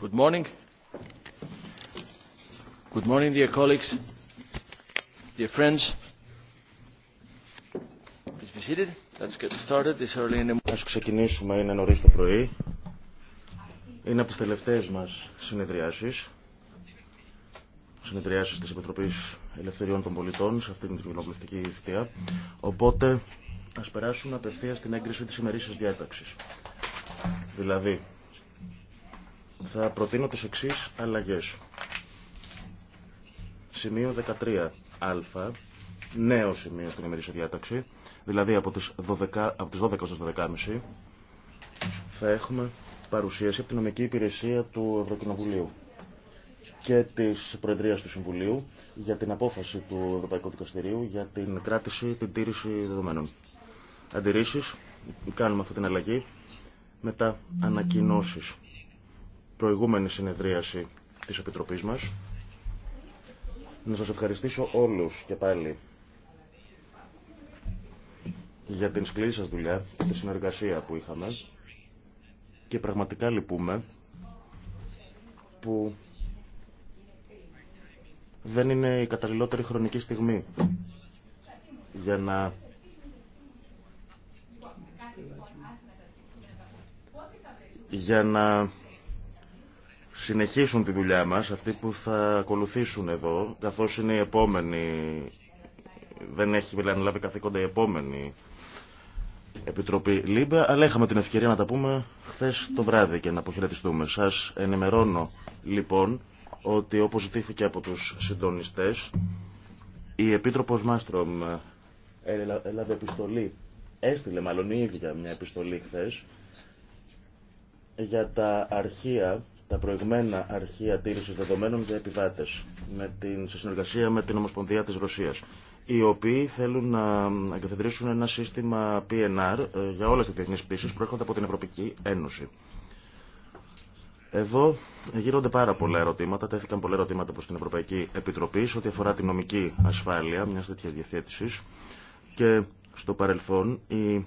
Good morning. Good morning, dear colleagues, dear friends. Please be seated. get started early in the morning. Ας ξεκινήσουμε, είναι νωρίς το πρωί. Είναι από τις τελευταίες μας συνεδριάσεις. Συνεδριάσεις της Επιτροπής Ελευθεριών των Πολιτών σε αυτήν την κοινοβουλευτική θητεία. Οπότε, ας περάσουμε απευθείας στην έγκριση της ημερήσιας διάταξης. Δηλαδή, θα προτείνω τις εξής αλλαγές. Σημείο 13α, νέο σημείο στην ημερήσια διάταξη, δηλαδή από τις 12, από τις 12 12.30 θα έχουμε παρουσίαση από την νομική υπηρεσία του Ευρωκοινοβουλίου και της Προεδρίας του Συμβουλίου για την απόφαση του Ευρωπαϊκού Δικαστηρίου για την κράτηση, την τήρηση δεδομένων. Αντιρρήσεις, κάνουμε αυτή την αλλαγή, μετά ανακοινώσεις προηγούμενη συνεδρίαση της Επιτροπής μας. Να σας ευχαριστήσω όλους και πάλι για την σκληρή σας δουλειά και τη συνεργασία που είχαμε και πραγματικά λυπούμε που δεν είναι η καταλληλότερη χρονική στιγμή για να για να συνεχίσουν τη δουλειά μας, αυτοί που θα ακολουθήσουν εδώ, καθώς είναι η επόμενοι, δεν έχει λάβει καθήκοντα η επόμενη Επιτροπή ΛΥΜΠΕ, αλλά είχαμε την ευκαιρία να τα πούμε χθες το βράδυ και να αποχαιρετιστούμε. Σας ενημερώνω λοιπόν ότι όπως ζητήθηκε από τους συντονιστές, η Επίτροπος Μάστρομ ε, έλαβε επιστολή, έστειλε μάλλον η ίδια μια επιστολή χθες, για τα αρχεία τα προηγμένα αρχεία τήρησης δεδομένων για επιβάτες με την, σε συνεργασία με την Ομοσπονδία της Ρωσίας οι οποίοι θέλουν να εγκαθιδρύσουν ένα σύστημα PNR ε, για όλες τις διεθνείς πτήσεις που έρχονται από την Ευρωπαϊκή Ένωση. Εδώ γύρονται πάρα πολλά ερωτήματα, τέθηκαν πολλά ερωτήματα προς την Ευρωπαϊκή Επιτροπή σε ό,τι αφορά την νομική ασφάλεια μιας τέτοιας διευθέτησης και στο παρελθόν η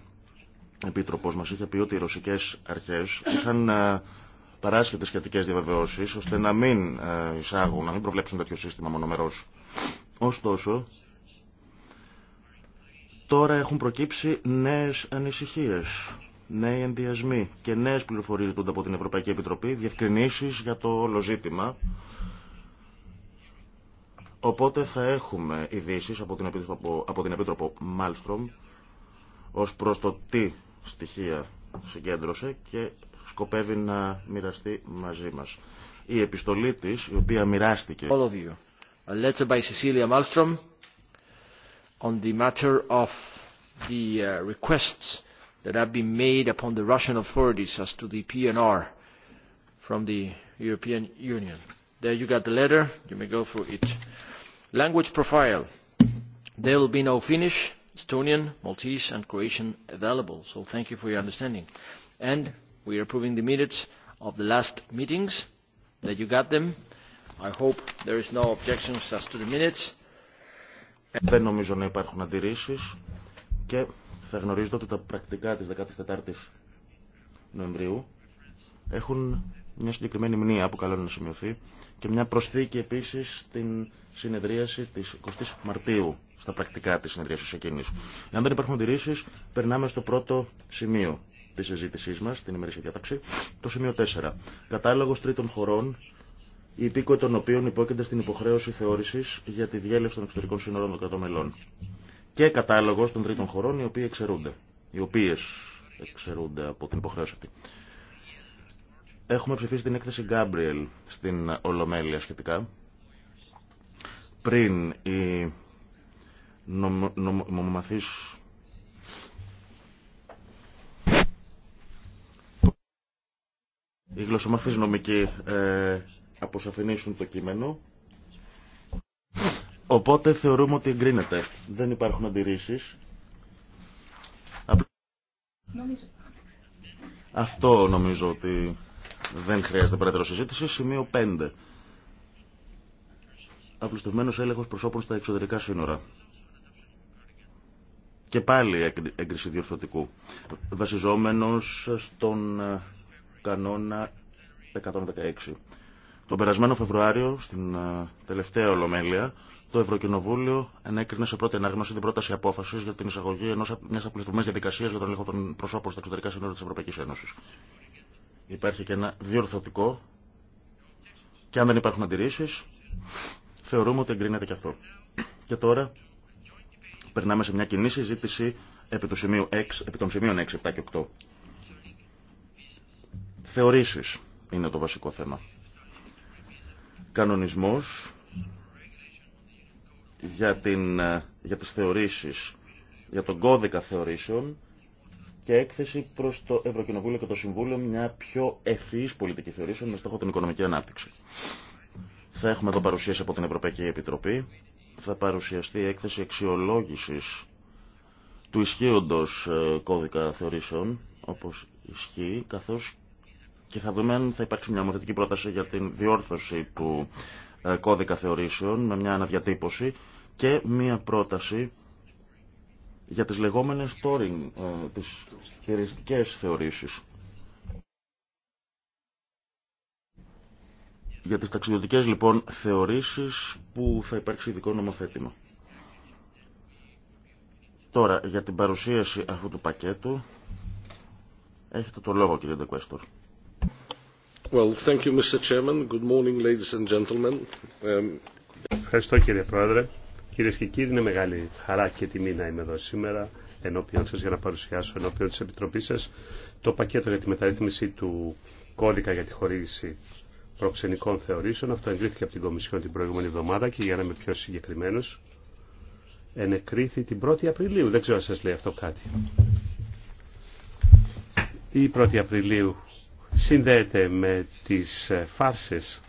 Επίτροπος μας είχε πει ότι οι ρωσικές αρχές είχαν ε, παράσχεται σχετικέ διαβεβαιώσει ώστε να μην ε, εισάγουν, να μην προβλέψουν τέτοιο σύστημα μονομερό. Ωστόσο, τώρα έχουν προκύψει νέε ανησυχίε, νέοι ενδιασμοί και νέε πληροφορίε από την Ευρωπαϊκή Επιτροπή, διευκρινήσει για το όλο ζήτημα. Οπότε θα έχουμε ειδήσει από την από την Επίτροπο Μάλστρομ ως προς το τι στοιχεία συγκέντρωσε και σκοπεύει να μοιραστεί μαζί μας. Η επιστολή της, η οποία μοιράστηκε... All of you. A letter by Cecilia Malmström on the matter of the requests that have been made upon the Russian authorities as to the PNR from the European Union. There you got the letter. You may go through it. Language profile. There will be no Finnish, Estonian, Maltese and Croatian available. So thank you for your understanding. And we are approving the minutes of the last meetings that you got them. I hope there is no objections as to the minutes. Δεν νομίζω να υπάρχουν αντιρρήσεις και θα γνωρίζετε ότι τα πρακτικά της 14ης Νοεμβρίου έχουν μια συγκεκριμένη μνήμα που καλό είναι να σημειωθεί και μια προσθήκη επίσης στην συνεδρίαση της 20 Μαρτίου στα πρακτικά της συνεδρίασης εκείνης. Εάν δεν υπάρχουν αντιρρήσεις, περνάμε στο πρώτο σημείο τη συζήτησή μα, την ημερήσια διάταξη, το σημείο 4. Κατάλογο τρίτων χωρών, οι υπήκοοι των οποίων υπόκεινται στην υποχρέωση θεώρηση για τη διέλευση των εξωτερικών σύνορων των κρατών μελών. Και κατάλογο των τρίτων χωρών, οι οποίοι εξαιρούνται. Οι οποίε εξαιρούνται από την υποχρέωση αυτή. Έχουμε ψηφίσει την έκθεση Γκάμπριελ στην Ολομέλεια σχετικά. Πριν οι νομομαθείς Οι γλωσσομαθείς νομικοί ε, αποσαφηνίσουν το κείμενο. Οπότε θεωρούμε ότι εγκρίνεται. Δεν υπάρχουν αντιρρήσεις. Αυτό νομίζω ότι δεν χρειάζεται περαιτέρω συζήτηση. Σημείο 5. Απλουστευμένος έλεγχος προσώπων στα εξωτερικά σύνορα. Και πάλι έγκριση διορθωτικού. Βασιζόμενος στον ε, κανόνα 116. Τον περασμένο Φεβρουάριο, στην ε, τελευταία Ολομέλεια, το Ευρωκοινοβούλιο ενέκρινε σε πρώτη ανάγνωση την πρόταση απόφαση για την εισαγωγή μια απλουστευμένη διαδικασία για τον έλεγχο των προσώπων στα εξωτερικά σύνορα τη Ευρωπαϊκή Ένωση. Υπάρχει και ένα διορθωτικό και αν δεν υπάρχουν αντιρρήσει, θεωρούμε ότι εγκρίνεται και αυτό. Και τώρα περνάμε σε μια κοινή συζήτηση επί, επί των σημείων 6, 7 και 8. Θεωρήσεις είναι το βασικό θέμα. Κανονισμός για, την, ε, για τις θεωρήσεις, για τον κώδικα θεωρήσεων και έκθεση προς το Ευρωκοινοβούλιο και το Συμβούλιο μια πιο ευθύς πολιτική θεωρήσεων με στόχο την οικονομική ανάπτυξη. Θα έχουμε εδώ παρουσίαση από την Ευρωπαϊκή Επιτροπή. Θα παρουσιαστεί έκθεση αξιολόγηση του ισχύοντος ε, κώδικα θεωρήσεων, όπως ισχύει, καθώς και θα δούμε αν θα υπάρξει μια ομοθετική πρόταση για την διόρθωση του ε, κώδικα θεωρήσεων με μια αναδιατύπωση και μια πρόταση για τις λεγόμενες τόρινγκ, ε, τις χειριστικές θεωρήσεις. Για τις ταξιδιωτικές λοιπόν θεωρήσεις που θα υπάρξει ειδικό νομοθέτημα. Τώρα, για την παρουσίαση αυτού του πακέτου, έχετε το λόγο κύριε Ντεκουέστορ. Um, Ευχαριστώ κύριε Πρόεδρε. Κυρίε και κύριοι, είναι μεγάλη χαρά και τιμή να είμαι εδώ σήμερα ενώπιον σα για να παρουσιάσω ενώπιον τη Επιτροπή σα το πακέτο για τη μεταρρύθμιση του κώδικα για τη χορήγηση προξενικών θεωρήσεων. Αυτό εγκρίθηκε από την Κομισιόν την προηγούμενη εβδομάδα και για να είμαι πιο συγκεκριμένο, ενεκρίθη την 1η Απριλίου. Δεν ξέρω αν σα λέει αυτό κάτι. Η 1η Απριλίου συνδέεται με τις φάρσες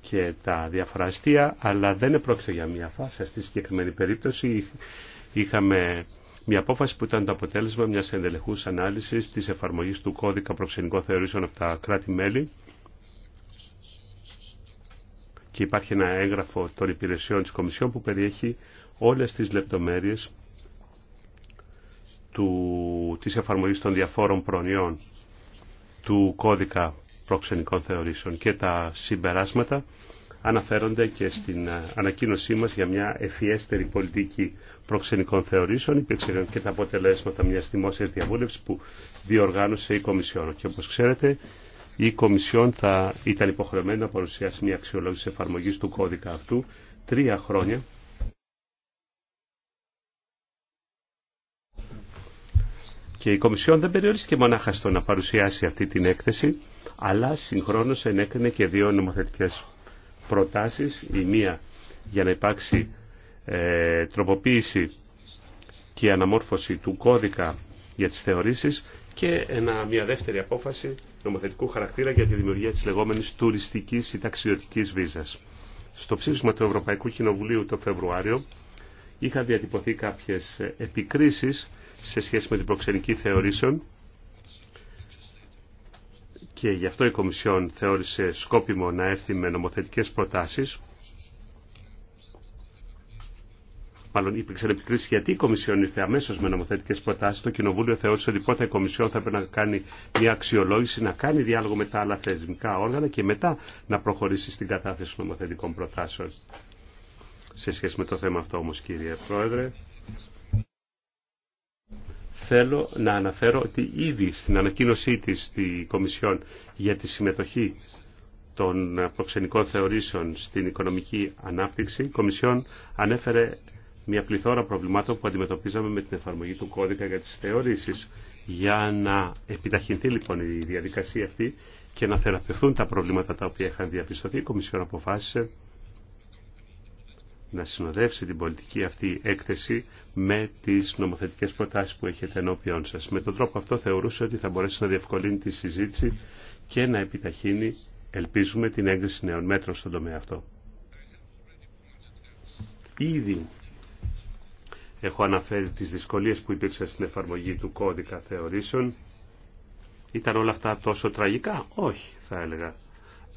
και τα διαφραστία, αλλά δεν επρόκειτο για μια φάση. Στη συγκεκριμένη περίπτωση είχαμε μια απόφαση που ήταν το αποτέλεσμα μιας ενδελεχούς ανάλυσης της εφαρμογής του κώδικα προξενικών θεωρήσεων από τα κράτη-μέλη και υπάρχει ένα έγγραφο των υπηρεσιών της Κομισιόν που περιέχει όλες τις λεπτομέρειες του, της εφαρμογής των διαφόρων προνοιών του κώδικα προξενικών θεωρήσεων και τα συμπεράσματα αναφέρονται και στην ε, ανακοίνωσή μας για μια ευφιέστερη πολιτική προξενικών θεωρήσεων. Υπήρξαν και τα αποτελέσματα μιας δημόσιας διαβούλευσης που διοργάνωσε η Κομισιόν. Και όπως ξέρετε, η Κομισιόν θα ήταν υποχρεωμένη να παρουσιάσει μια αξιολόγηση εφαρμογής του κώδικα αυτού τρία χρόνια Και η Κομισιόν δεν περιορίστηκε μονάχα στο να παρουσιάσει αυτή την έκθεση, αλλά συγχρόνως ενέκρινε και δύο νομοθετικές προτάσεις. Η μία για να υπάρξει ε, τροποποίηση και αναμόρφωση του κώδικα για τις θεωρήσεις και μια δεύτερη απόφαση νομοθετικού χαρακτήρα για τη δημιουργία της λεγόμενης τουριστικής ή ταξιδιωτική βίζας. Στο ψήφισμα του Ευρωπαϊκού Κοινοβουλίου το Φεβρουάριο είχαν διατυπωθεί κάποιες ε, επικρίσεις σε σχέση με την προξενική θεωρήσεων και γι' αυτό η Κομισιόν θεώρησε σκόπιμο να έρθει με νομοθετικές προτάσεις. Μάλλον υπήρξε επικρίση γιατί η Κομισιόν ήρθε αμέσω με νομοθετικέ προτάσει. Το Κοινοβούλιο θεώρησε ότι πρώτα η Κομισιόν θα πρέπει να κάνει μια αξιολόγηση, να κάνει διάλογο με τα άλλα θεσμικά όργανα και μετά να προχωρήσει στην κατάθεση νομοθετικών προτάσεων. Σε σχέση με το θέμα αυτό όμω, κύριε Πρόεδρε, θέλω να αναφέρω ότι ήδη στην ανακοίνωσή της στη Κομισιόν για τη συμμετοχή των προξενικών θεωρήσεων στην οικονομική ανάπτυξη, η Κομισιόν ανέφερε μια πληθώρα προβλημάτων που αντιμετωπίζαμε με την εφαρμογή του κώδικα για τις θεωρήσεις. Για να επιταχυνθεί λοιπόν η διαδικασία αυτή και να θεραπευθούν τα προβλήματα τα οποία είχαν διαπιστωθεί, η Κομισιόν αποφάσισε να συνοδεύσει την πολιτική αυτή έκθεση με τις νομοθετικές προτάσεις που έχετε ενώπιόν σας. Με τον τρόπο αυτό θεωρούσε ότι θα μπορέσει να διευκολύνει τη συζήτηση και να επιταχύνει, ελπίζουμε, την έγκριση νέων μέτρων στον τομέα αυτό. Ήδη έχω αναφέρει τις δυσκολίες που υπήρξαν στην εφαρμογή του κώδικα θεωρήσεων. Ήταν όλα αυτά τόσο τραγικά? Όχι, θα έλεγα.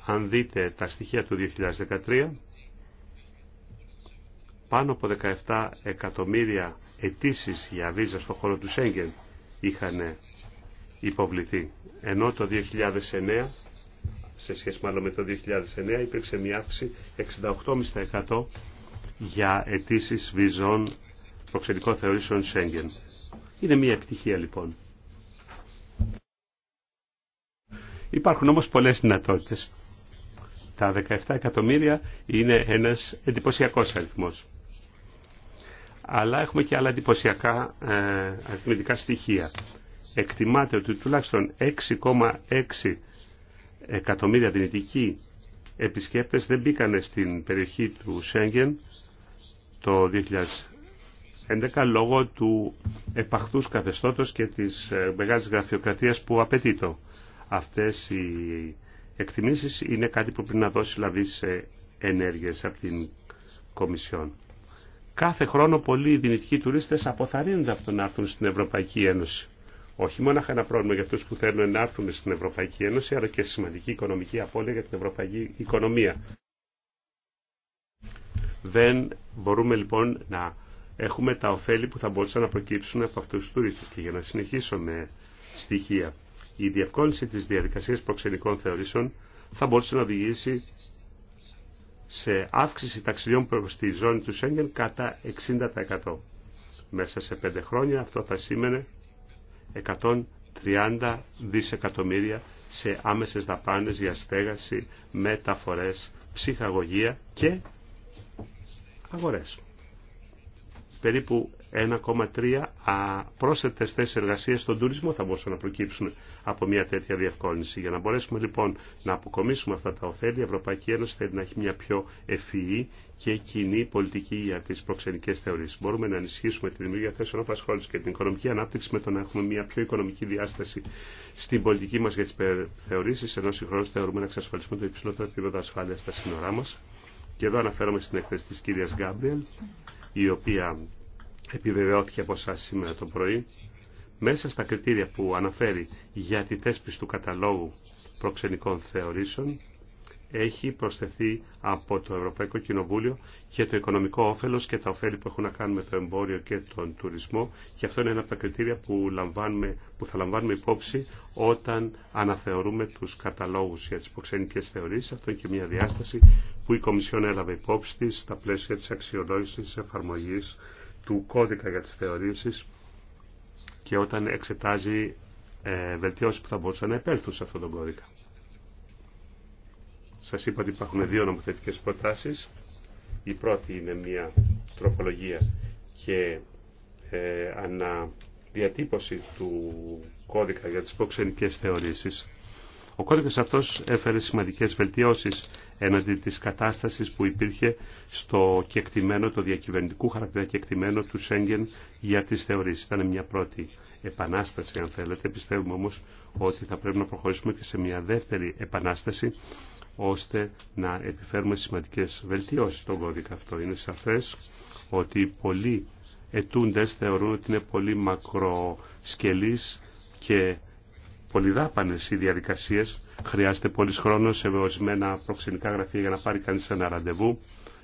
Αν δείτε τα στοιχεία του 2013, πάνω από 17 εκατομμύρια αιτήσει για βίζα στον χώρο του Σέγγεν είχαν υποβληθεί. Ενώ το 2009, σε σχέση μάλλον με το 2009, υπήρξε μια αύξηση 68,5% για αιτήσει βίζων προξενικών θεωρήσεων Σέγγεν. Είναι μια επιτυχία λοιπόν. Υπάρχουν όμως πολλές δυνατότητες. Τα 17 εκατομμύρια είναι ένας εντυπωσιακός αριθμός αλλά έχουμε και άλλα εντυπωσιακά ε, αριθμητικά στοιχεία. Εκτιμάται ότι τουλάχιστον 6,6 εκατομμύρια δυνητικοί επισκέπτες δεν μπήκανε στην περιοχή του Σέγγεν το 2011 λόγω του επαχθούς καθεστώτος και της ε, μεγάλης γραφειοκρατίας που απαιτεί το. Αυτές οι εκτιμήσεις είναι κάτι που πρέπει να δώσει λαβή σε ενέργειες από την Κομισιόν. Κάθε χρόνο πολλοί δυνητικοί τουρίστες αποθαρρύνονται από το να έρθουν στην Ευρωπαϊκή Ένωση. Όχι μόνο ένα πρόβλημα για αυτούς που θέλουν να έρθουν στην Ευρωπαϊκή Ένωση, αλλά και σημαντική οικονομική απώλεια για την ευρωπαϊκή οικονομία. Δεν μπορούμε λοιπόν να έχουμε τα ωφέλη που θα μπορούσαν να προκύψουν από αυτούς τους τουρίστες. Και για να συνεχίσω με στοιχεία, η διευκόλυνση της διαδικασίας προξενικών θεωρήσεων θα μπορούσε να οδηγήσει σε αύξηση ταξιδιών προς τη ζώνη του Σέγγεν κατά 60%. Μέσα σε πέντε χρόνια αυτό θα σήμαινε 130 δισεκατομμύρια σε άμεσες δαπάνες για στέγαση, μεταφορές, ψυχαγωγία και αγορές. Περίπου 1,3 πρόσθετε θέσει εργασία στον τουρισμό θα μπορούσαν να προκύψουν από μια τέτοια διευκόλυνση. Για να μπορέσουμε λοιπόν να αποκομίσουμε αυτά τα ωφέλη, η Ευρωπαϊκή Ένωση θέλει να έχει μια πιο ευφυή και κοινή πολιτική για τι προξενικέ θεωρήσει. Μπορούμε να ενισχύσουμε τη δημιουργία θέσεων απασχόληση και την οικονομική ανάπτυξη με το να έχουμε μια πιο οικονομική διάσταση στην πολιτική μα για τι θεωρήσει, ενώ συγχρόνω θεωρούμε να εξασφαλίσουμε το υψηλότερο επίπεδο ασφάλεια στα σύνορά μα. Και εδώ αναφέρομαι στην εκθέση τη κυρία Γκάμπριελ, η οποία επιβεβαιώθηκε από εσά σήμερα το πρωί, μέσα στα κριτήρια που αναφέρει για τη θέσπιση του καταλόγου προξενικών θεωρήσεων, έχει προσθεθεί από το Ευρωπαϊκό Κοινοβούλιο και το οικονομικό όφελος και τα ωφέλη που έχουν να κάνουν με το εμπόριο και τον τουρισμό και αυτό είναι ένα από τα κριτήρια που, λαμβάνουμε, που θα λαμβάνουμε υπόψη όταν αναθεωρούμε τους καταλόγους για τις προξενικές θεωρήσεις. Αυτό είναι και μια διάσταση που η Κομισιόν έλαβε υπόψη της στα πλαίσια της αξιολόγησης εφαρμογής του κώδικα για τις θεωρήσεις και όταν εξετάζει ε, βελτιώσεις που θα μπορούσαν να επέλθουν σε αυτόν τον κώδικα. Σας είπα ότι υπάρχουν δύο νομοθετικές προτάσεις. Η πρώτη είναι μια τροπολογία και ε, αναδιατύπωση του κώδικα για τις προξενικές θεωρήσεις. Ο κώδικας αυτός έφερε σημαντικές βελτιώσεις έναντι της κατάστασης που υπήρχε στο κεκτημένο, το διακυβερνητικού χαρακτήρα κεκτημένο του Σέγγεν για τις θεωρήσεις. Ήταν μια πρώτη επανάσταση αν θέλετε. Πιστεύουμε όμως ότι θα πρέπει να προχωρήσουμε και σε μια δεύτερη επανάσταση ώστε να επιφέρουμε σημαντικές βελτιώσεις στον κώδικα αυτό. Είναι σαφές ότι πολλοί ετούντες θεωρούν ότι είναι πολύ μακροσκελής και πολυδάπανες οι διαδικασίες. Χρειάζεται πολύς χρόνος σε ορισμένα προξενικά γραφεία για να πάρει κανείς ένα ραντεβού.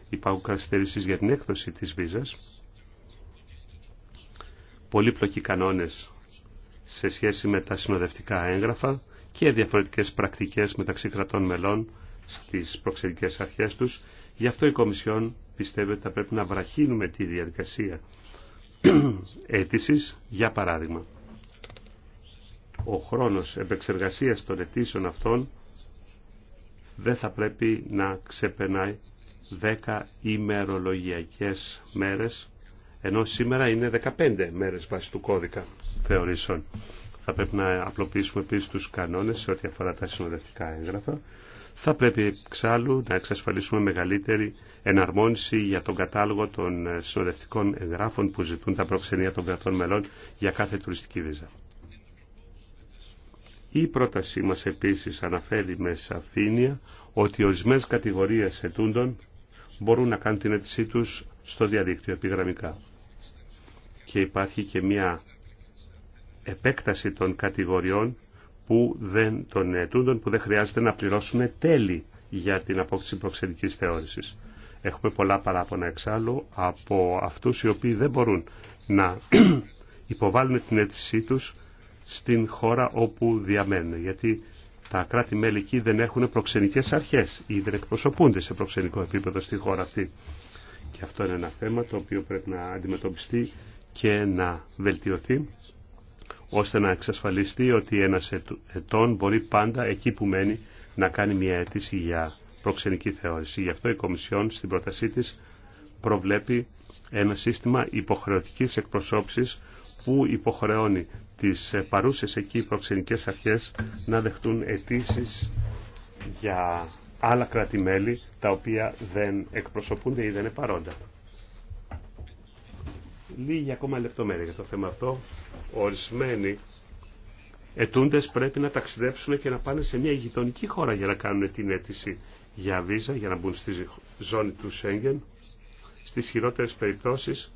Υπάρχουν καθυστερήσεις για την έκδοση της βίζας. Πολύπλοκοι κανόνες σε σχέση με τα συνοδευτικά έγγραφα και διαφορετικές πρακτικές μεταξύ κρατών μελών στις προξενικές αρχές τους. Γι' αυτό η Κομισιόν πιστεύει ότι θα πρέπει να βραχύνουμε τη διαδικασία αίτησης, για παράδειγμα ο χρόνος επεξεργασίας των αιτήσεων αυτών δεν θα πρέπει να ξεπερνάει 10 ημερολογιακές μέρες, ενώ σήμερα είναι 15 μέρες βάσει του κώδικα θεωρήσεων. Θα πρέπει να απλοποιήσουμε επίσης τους κανόνες σε ό,τι αφορά τα συνοδευτικά έγγραφα. Θα πρέπει εξάλλου να εξασφαλίσουμε μεγαλύτερη εναρμόνιση για τον κατάλογο των συνοδευτικών εγγράφων που ζητούν τα προξενία των κρατών μελών για κάθε τουριστική βίζα. Η πρότασή μας επίσης αναφέρει με σαφήνεια ότι ορισμένε κατηγορίες ετούντων μπορούν να κάνουν την αίτησή τους στο διαδίκτυο επιγραμμικά. Και υπάρχει και μια επέκταση των κατηγοριών που δεν, των ετούντων που δεν χρειάζεται να πληρώσουν τέλη για την απόκτηση προξενικής θεώρησης. Έχουμε πολλά παράπονα εξάλλου από αυτούς οι οποίοι δεν μπορούν να υποβάλουν την αίτησή τους στην χώρα όπου διαμένουν. Γιατί τα κράτη-μέλη εκεί δεν έχουν προξενικές αρχές ή δεν εκπροσωπούνται σε προξενικό επίπεδο στη χώρα αυτή. Και αυτό είναι ένα θέμα το οποίο πρέπει να αντιμετωπιστεί και να βελτιωθεί ώστε να εξασφαλιστεί ότι ένας ετών μπορεί πάντα εκεί που μένει να κάνει μια αίτηση για προξενική θεώρηση. Γι' αυτό η Κομισιόν στην πρότασή της προβλέπει ένα σύστημα υποχρεωτικής εκπροσώψης που υποχρεώνει τις ε, παρούσες εκεί προξενικές αρχές να δεχτούν αιτήσει για άλλα κράτη-μέλη τα οποία δεν εκπροσωπούνται ή δεν είναι παρόντα. Λίγη ακόμα λεπτομέρεια για το θέμα αυτό. Ορισμένοι ετούντες πρέπει να ταξιδέψουν και να πάνε σε μια γειτονική χώρα για να κάνουν την αίτηση για βίζα, για να μπουν στη ζώνη του Σέγγεν. Στις χειρότερες περιπτώσεις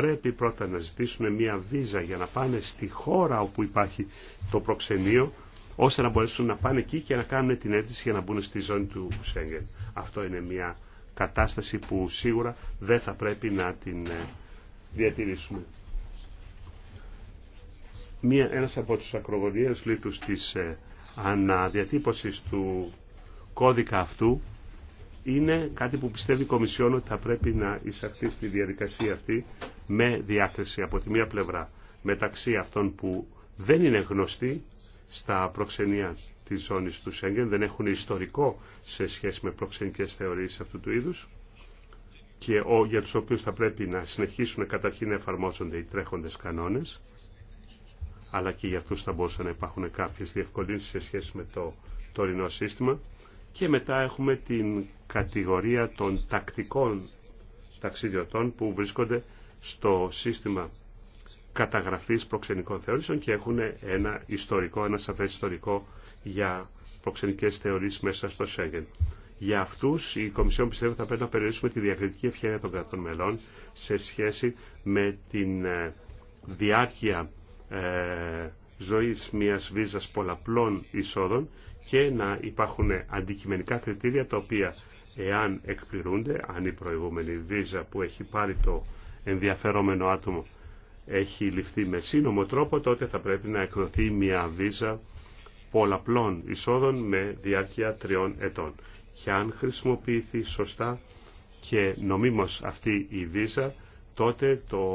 πρέπει πρώτα να ζητήσουν μια βίζα για να πάνε στη χώρα όπου υπάρχει το προξενείο, ώστε να μπορέσουν να πάνε εκεί και να κάνουν την αίτηση για να μπουν στη ζώνη του Σέγγεν. Αυτό είναι μια κατάσταση που σίγουρα δεν θα πρέπει να την ε, διατηρήσουμε. Μία, ένας από τους ακρογωνίες λίτους της ε, αναδιατύπωσης του κώδικα αυτού είναι κάτι που πιστεύει η Κομισιόν ότι θα πρέπει να εισαχθεί στη διαδικασία αυτή με διάκριση από τη μία πλευρά μεταξύ αυτών που δεν είναι γνωστοί στα προξενία της ζώνης του Σέγγεν, δεν έχουν ιστορικό σε σχέση με προξενικές θεωρίες αυτού του είδους και για τους οποίους θα πρέπει να συνεχίσουν καταρχήν να εφαρμόζονται οι τρέχοντες κανόνες αλλά και για αυτούς θα μπορούσαν να υπάρχουν κάποιες διευκολύνσεις σε σχέση με το τωρινό σύστημα και μετά έχουμε την κατηγορία των τακτικών ταξιδιωτών που βρίσκονται στο σύστημα καταγραφής προξενικών θεωρήσεων και έχουν ένα ιστορικό, ένα σαφές ιστορικό για προξενικές θεωρήσεις μέσα στο Σέγγεν. Για αυτού, η Κομισιόν πιστεύει θα πρέπει να περιορίσουμε τη διακριτική ευχαίρεια των κρατών μελών σε σχέση με την ε, διάρκεια ε, ζωή μιας βίζας πολλαπλών εισόδων και να υπάρχουν αντικειμενικά κριτήρια τα οποία εάν εκπληρούνται, αν η προηγούμενη βίζα που έχει πάρει το ενδιαφερόμενο άτομο έχει ληφθεί με σύνομο τρόπο, τότε θα πρέπει να εκδοθεί μια βίζα πολλαπλών εισόδων με διάρκεια τριών ετών. Και αν χρησιμοποιηθεί σωστά και νομίμως αυτή η βίζα, τότε το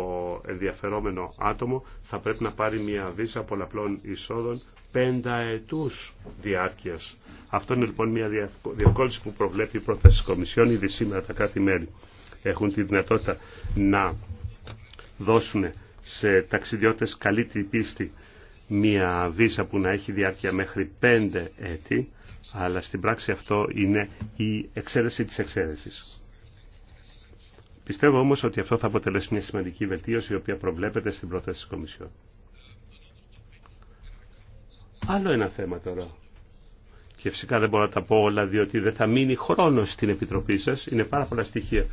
ενδιαφερόμενο άτομο θα πρέπει να πάρει μια βίζα πολλαπλών εισόδων πενταετούς διάρκειας. Αυτό είναι λοιπόν μια διευκόλυνση που προβλέπει η πρόταση της Κομισιόν ήδη σήμερα τα κάτι μέρη. Έχουν τη δυνατότητα να δώσουν σε ταξιδιώτες καλή πίστη μια βίζα που να έχει διάρκεια μέχρι πέντε έτη, αλλά στην πράξη αυτό είναι η εξαίρεση της εξαίρεσης. Πιστεύω όμως ότι αυτό θα αποτελέσει μια σημαντική βελτίωση η οποία προβλέπεται στην πρόταση της Κομισιόν. Άλλο ένα θέμα τώρα. Και φυσικά δεν μπορώ να τα πω όλα διότι δεν θα μείνει χρόνο στην Επιτροπή σα. Είναι πάρα πολλά στοιχεία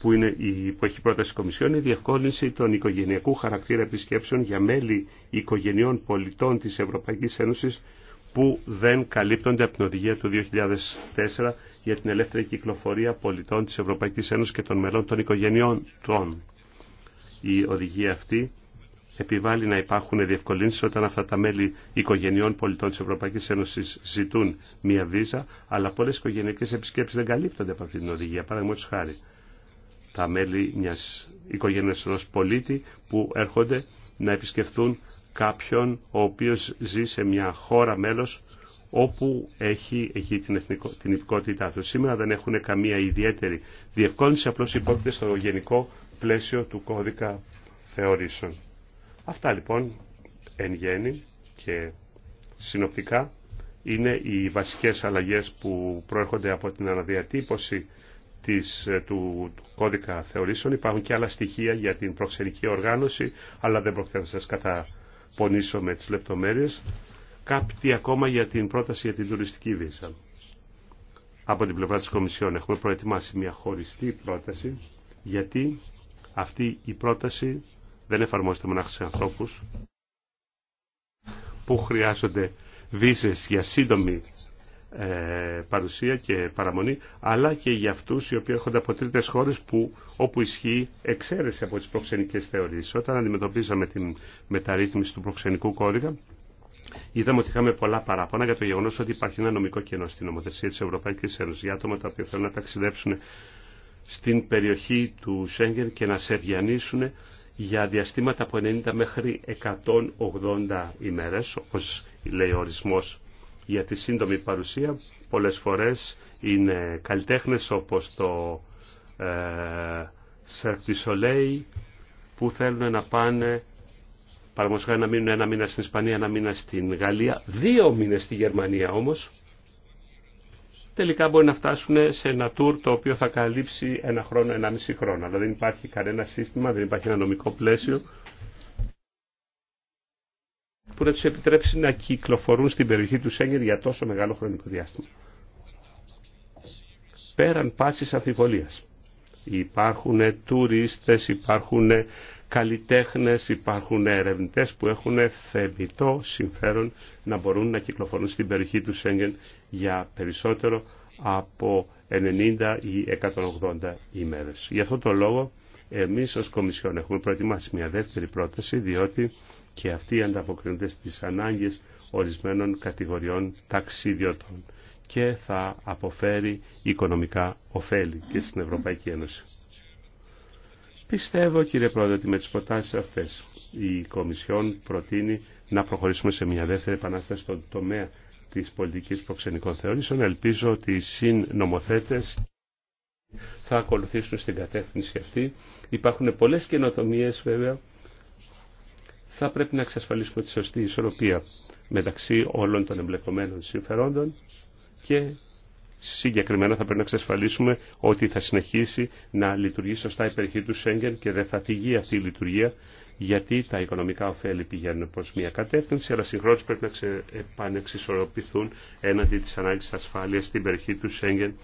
που, είναι η, που έχει πρόταση η Κομισιόν είναι η διευκόλυνση των οικογενειακού χαρακτήρα επισκέψεων για μέλη οικογενειών πολιτών τη Ευρωπαϊκή Ένωση που δεν καλύπτονται από την οδηγία του 2004 για την ελεύθερη κυκλοφορία πολιτών τη Ευρωπαϊκή Ένωση και των μελών των οικογενειών των. Η οδηγία αυτή επιβάλλει να υπάρχουν διευκολύνσεις όταν αυτά τα μέλη οικογενειών πολιτών τη Ευρωπαϊκή Ένωση ζητούν μία βίζα, αλλά πολλέ οικογενειακε επισκεψει δεν καλύπτονται από αυτή την οδηγία. Παραδείγματο χάρη, τα μέλη μια οικογένεια ενο πολίτη που έρχονται να επισκεφθούν κάποιον ο οποίος ζει σε μια χώρα μέλος όπου έχει, έχει την, εθνικο, την υπηκότητά του. Σήμερα δεν έχουν καμία ιδιαίτερη διευκόλυνση, απλώς υπόκειται στο γενικό πλαίσιο του κώδικα θεωρήσεων. Αυτά λοιπόν εν γέννη και συνοπτικά είναι οι βασικές αλλαγές που προέρχονται από την αναδιατύπωση της, ε, του, κώδικα θεωρήσεων. Υπάρχουν και άλλα στοιχεία για την προξενική οργάνωση, αλλά δεν πρόκειται να σας καταπονήσω με τις λεπτομέρειες. Κάτι ακόμα για την πρόταση για την τουριστική βίζα. Από την πλευρά της Κομισιόν έχουμε προετοιμάσει μια χωριστή πρόταση, γιατί αυτή η πρόταση δεν εφαρμόζεται μονάχα σε ανθρώπους που χρειάζονται βίζες για σύντομη ε, παρουσία και παραμονή, αλλά και για αυτούς οι οποίοι έρχονται από τρίτες χώρες που, όπου ισχύει εξαίρεση από τις προξενικές θεωρίες. Όταν αντιμετωπίζαμε τη μεταρρύθμιση του προξενικού κώδικα, Είδαμε ότι είχαμε πολλά παράπονα για το γεγονό ότι υπάρχει ένα νομικό κενό στην νομοθεσία τη Ευρωπαϊκή Ένωση για άτομα τα οποία θέλουν να ταξιδέψουν στην περιοχή του Σέγγεν και να σε σερβιανίσουν για διαστήματα από 90 μέχρι 180 ημέρες, όπως λέει ο ορισμός για τη σύντομη παρουσία. Πολλές φορές είναι καλλιτέχνες όπως το ε, που θέλουν να πάνε παραγωγικά να μείνουν ένα μήνα στην Ισπανία, ένα μήνα στην Γαλλία, δύο μήνες στη Γερμανία όμως τελικά μπορεί να φτάσουν σε ένα τουρ το οποίο θα καλύψει ένα χρόνο, ένα μισή χρόνο. Αλλά δεν υπάρχει κανένα σύστημα, δεν υπάρχει ένα νομικό πλαίσιο που να τους επιτρέψει να κυκλοφορούν στην περιοχή του Σέγγερ για τόσο μεγάλο χρονικό διάστημα. Πέραν πάσης αμφιβολίας. Υπάρχουν τουρίστες, υπάρχουν καλλιτέχνες, υπάρχουν ερευνητές που έχουν θεμητό συμφέρον να μπορούν να κυκλοφορούν στην περιοχή του Σέγγεν για περισσότερο από 90 ή 180 ημέρες. Γι' αυτό το λόγο εμείς ως Κομισιόν έχουμε προετοιμάσει μια δεύτερη πρόταση διότι και αυτή ανταποκρίνεται στις ανάγκες ορισμένων κατηγοριών ταξιδιωτών και θα αποφέρει οικονομικά ωφέλη και στην Ευρωπαϊκή Ένωση. Πιστεύω κύριε Πρόεδρε ότι με τις προτάσει αυτέ η Κομισιόν προτείνει να προχωρήσουμε σε μια δεύτερη επανάσταση στον τομέα της πολιτικής προξενικών θεωρήσεων. Ελπίζω ότι οι συνομοθέτε θα ακολουθήσουν στην κατεύθυνση αυτή. Υπάρχουν πολλέ καινοτομίε, βέβαια. Θα πρέπει να εξασφαλίσουμε τη σωστή ισορροπία μεταξύ όλων των εμπλεκομένων συμφερόντων και συγκεκριμένα θα πρέπει να εξασφαλίσουμε ότι θα συνεχίσει να λειτουργεί σωστά η περιοχή του Σέγγεν και δεν θα θυγεί αυτή η λειτουργία γιατί τα οικονομικά ωφέλη πηγαίνουν προς μια κατεύθυνση αλλά συγχρόνω πρέπει να επανεξισορροπηθούν έναντι της ανάγκης ασφάλειας στην περιοχή του Σέγγεν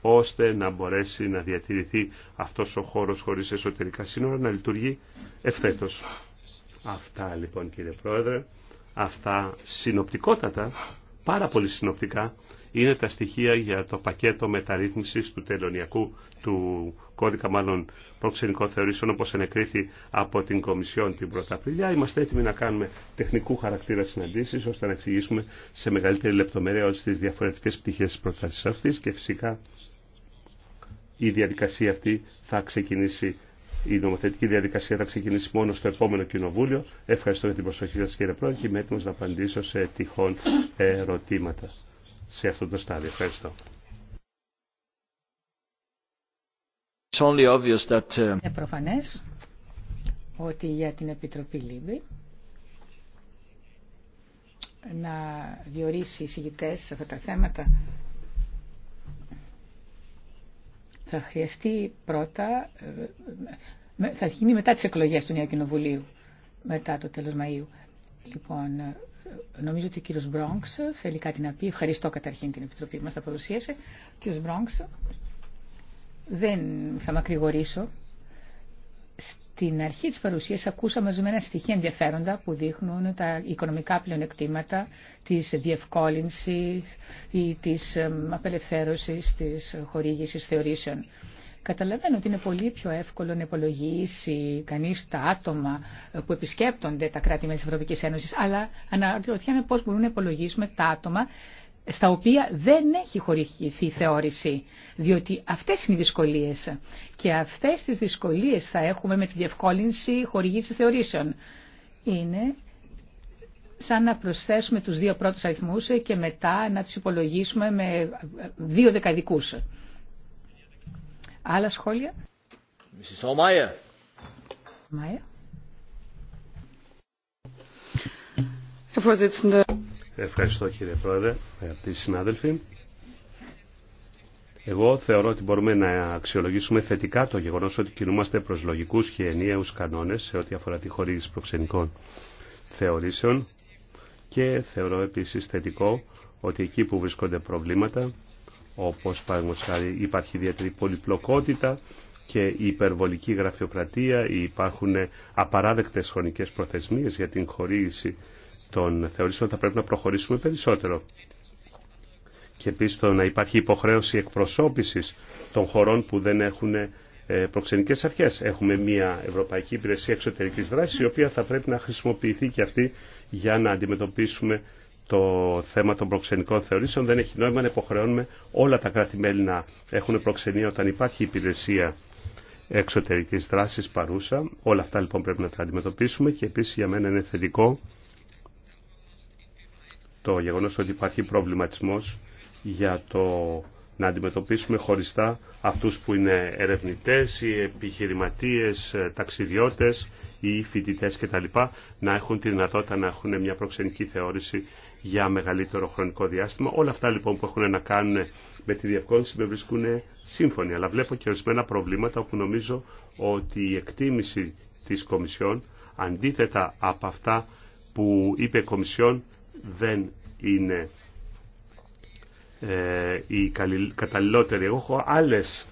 ώστε να μπορέσει να διατηρηθεί αυτός ο χώρος χωρίς εσωτερικά σύνορα να λειτουργεί ευθέτως. Αυτά λοιπόν κύριε Πρόεδρε, αυτά συνοπτικότατα, πάρα πολύ συνοπτικά, είναι τα στοιχεία για το πακέτο μεταρρύθμισης του τελωνιακού, του κώδικα μάλλον προξενικών θεωρήσεων όπως ενεκρίθη από την Κομισιόν την 1η Απριλιά. Είμαστε έτοιμοι να κάνουμε τεχνικού χαρακτήρα συναντήσεις ώστε να εξηγήσουμε σε μεγαλύτερη λεπτομέρεια όλες τις διαφορετικές πτυχές της προτάσης αυτής και φυσικά η διαδικασία αυτή θα ξεκινήσει η νομοθετική διαδικασία θα ξεκινήσει μόνο στο επόμενο κοινοβούλιο. Ευχαριστώ για την προσοχή σας κύριε Πρόεδρε και είμαι έτοιμο να απαντήσω σε τυχόν ερωτήματα σε αυτό το στάδιο. Ευχαριστώ. It's only obvious that... Uh, Είναι προφανές ότι για την Επιτροπή Λίμπη να διορίσει εισηγητές σε αυτά τα θέματα θα χρειαστεί πρώτα, ε, ε, ε, θα γίνει μετά τις εκλογές του Νέου Κοινοβουλίου, μετά το τέλος Μαΐου. Λοιπόν, Νομίζω ότι ο κύριος Μπρόγκ θέλει κάτι να πει. Ευχαριστώ καταρχήν την Επιτροπή που μας τα παρουσίασε. Ο κύριος Μπρόγκς, δεν θα με ακρηγορήσω. Στην αρχή της παρουσίας ακούσαμε ορισμένα στοιχεία ενδιαφέροντα που δείχνουν τα οικονομικά πλεονεκτήματα της διευκόλυνσης ή της απελευθέρωσης της χορήγηση θεωρήσεων. Καταλαβαίνω ότι είναι πολύ πιο εύκολο να υπολογίσει κανεί τα άτομα που επισκέπτονται τα κράτη-μέλη τη Ευρωπαϊκή Ένωση, αλλά αναρωτιέμαι πώ μπορούμε να υπολογίσουμε τα άτομα στα οποία δεν έχει χορηγηθεί θεώρηση, διότι αυτέ είναι οι δυσκολίε και αυτέ τι δυσκολίε θα έχουμε με τη διευκόλυνση χορηγήση θεωρήσεων. Είναι σαν να προσθέσουμε τους δύο πρώτους αριθμούς και μετά να τους υπολογίσουμε με δύο δεκαδικούς. Άλλα σχόλια. Ευχαριστώ κύριε Πρόεδρε, αγαπητοί συνάδελφοι. Εγώ θεωρώ ότι μπορούμε να αξιολογήσουμε θετικά το γεγονός ότι κινούμαστε προς λογικούς και ενιαίους κανόνες σε ό,τι αφορά τη χορήγηση προξενικών θεωρήσεων και θεωρώ επίσης θετικό ότι εκεί που βρίσκονται προβλήματα όπως παραδείγματος χάρη υπάρχει ιδιαίτερη πολυπλοκότητα και η υπερβολική γραφειοκρατία, υπάρχουν απαράδεκτες χρονικές προθεσμίες για την χορήγηση των θεωρήσεων, θα πρέπει να προχωρήσουμε περισσότερο. Και επίσης το να υπάρχει υποχρέωση εκπροσώπησης των χωρών που δεν έχουν ε, προξενικές αρχές. Έχουμε μια Ευρωπαϊκή Υπηρεσία Εξωτερικής Δράσης, η οποία θα πρέπει να χρησιμοποιηθεί και αυτή για να αντιμετωπίσουμε το θέμα των προξενικών θεωρήσεων δεν έχει νόημα να υποχρεώνουμε όλα τα κράτη-μέλη να έχουν προξενία όταν υπάρχει υπηρεσία εξωτερικής δράσης παρούσα. Όλα αυτά λοιπόν πρέπει να τα αντιμετωπίσουμε και επίσης για μένα είναι θετικό το γεγονό ότι υπάρχει προβληματισμό για το να αντιμετωπίσουμε χωριστά αυτούς που είναι ερευνητές, ή επιχειρηματίες, ε, ταξιδιώτες, ή φοιτητέ κτλ. να έχουν τη δυνατότητα να έχουν μια προξενική θεώρηση για μεγαλύτερο χρονικό διάστημα. Όλα αυτά λοιπόν που έχουν να κάνουν με τη διευκόλυνση με βρίσκουν σύμφωνοι. Αλλά βλέπω και ορισμένα προβλήματα όπου νομίζω ότι η εκτίμηση της Κομισιόν αντίθετα από αυτά που είπε η Κομισιόν δεν είναι ε, οι καταλληλότεροι. Εγώ έχω άλλες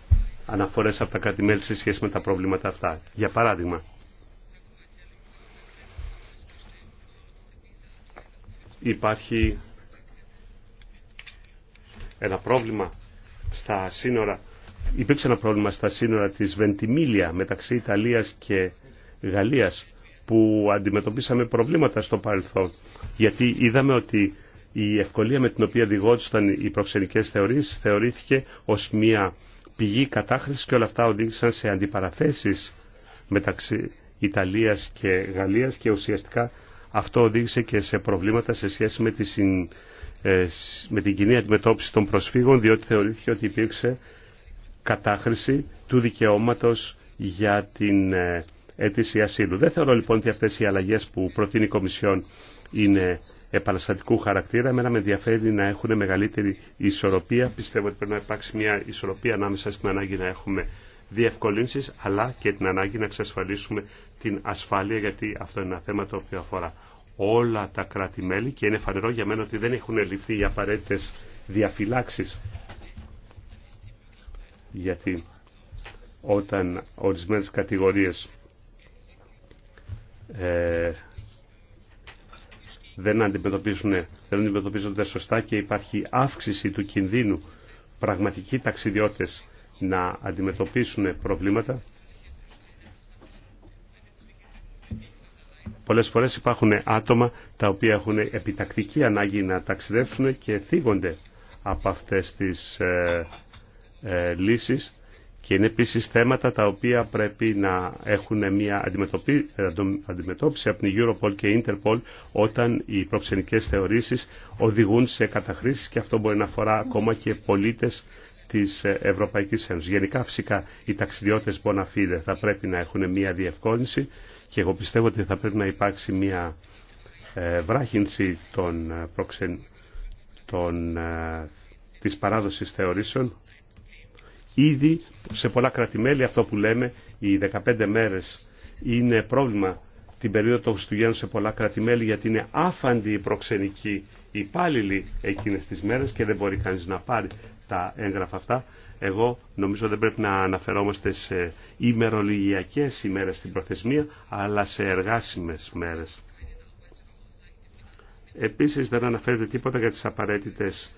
αναφορές από τα κρατημέλη σε σχέση με τα προβλήματα αυτά. Για παράδειγμα, υπάρχει ένα πρόβλημα στα σύνορα υπήρξε ένα πρόβλημα στα σύνορα της Βεντιμίλια μεταξύ Ιταλίας και Γαλλίας που αντιμετωπίσαμε προβλήματα στο παρελθόν γιατί είδαμε ότι η ευκολία με την οποία διηγόντουσαν οι προξενικέ θεωρίες θεωρήθηκε ως μια πηγή κατάχρησης και όλα αυτά οδήγησαν σε αντιπαραθέσεις μεταξύ Ιταλίας και Γαλλίας και ουσιαστικά αυτό οδήγησε και σε προβλήματα σε σχέση με, ε, με την κοινή αντιμετώπιση των προσφύγων διότι θεωρήθηκε ότι υπήρξε κατάχρηση του δικαιώματος για την ε, αίτηση ασύλου. Δεν θεωρώ λοιπόν ότι αυτές οι αλλαγές που προτείνει η Κομισιόν είναι επαναστατικού χαρακτήρα. Εμένα με ενδιαφέρει να έχουν μεγαλύτερη ισορροπία. Πιστεύω ότι πρέπει να υπάρξει μια ισορροπία ανάμεσα στην ανάγκη να έχουμε διευκολύνσεις αλλά και την ανάγκη να εξασφαλίσουμε την ασφάλεια γιατί αυτό είναι ένα θέμα το οποίο αφορά όλα τα κράτη-μέλη και είναι φανερό για μένα ότι δεν έχουν ληφθεί οι απαραίτητες διαφυλάξεις γιατί όταν ορισμένες κατηγορίες ε, δεν αντιμετωπίζουν, δεν αντιμετωπίζονται σωστά και υπάρχει αύξηση του κινδύνου πραγματικοί ταξιδιώτες να αντιμετωπίσουν προβλήματα. Πολλές φορές υπάρχουν άτομα τα οποία έχουν επιτακτική ανάγκη να ταξιδεύσουν και θίγονται από αυτές τις ε, ε, λύσεις και είναι επίσης θέματα τα οποία πρέπει να έχουν μια ε, αντιμετώπιση από την Europol και Interpol όταν οι προξενικές θεωρήσεις οδηγούν σε καταχρήσεις και αυτό μπορεί να αφορά ακόμα και πολίτες της ε, Ευρωπαϊκής Ένωσης. Γενικά φυσικά οι ταξιδιώτες Bonafide θα πρέπει να έχουν μια διευκόλυνση και εγώ πιστεύω ότι θα πρέπει να υπάρξει μια ε, βράχυνση των, προξεν... της θεωρήσεων Ήδη σε πολλά κρατημέλη αυτό που λέμε οι 15 μέρες είναι πρόβλημα την περίοδο των Χριστουγέννων σε πολλά κρατημέλη γιατί είναι άφαντοι οι προξενικοί υπάλληλοι εκείνες τις μέρες και δεν μπορεί κανείς να πάρει τα έγγραφα αυτά. Εγώ νομίζω δεν πρέπει να αναφερόμαστε σε ημερολογιακές ημέρες στην προθεσμία αλλά σε εργάσιμες μέρες. Επίσης δεν αναφέρεται τίποτα για τις απαραίτητες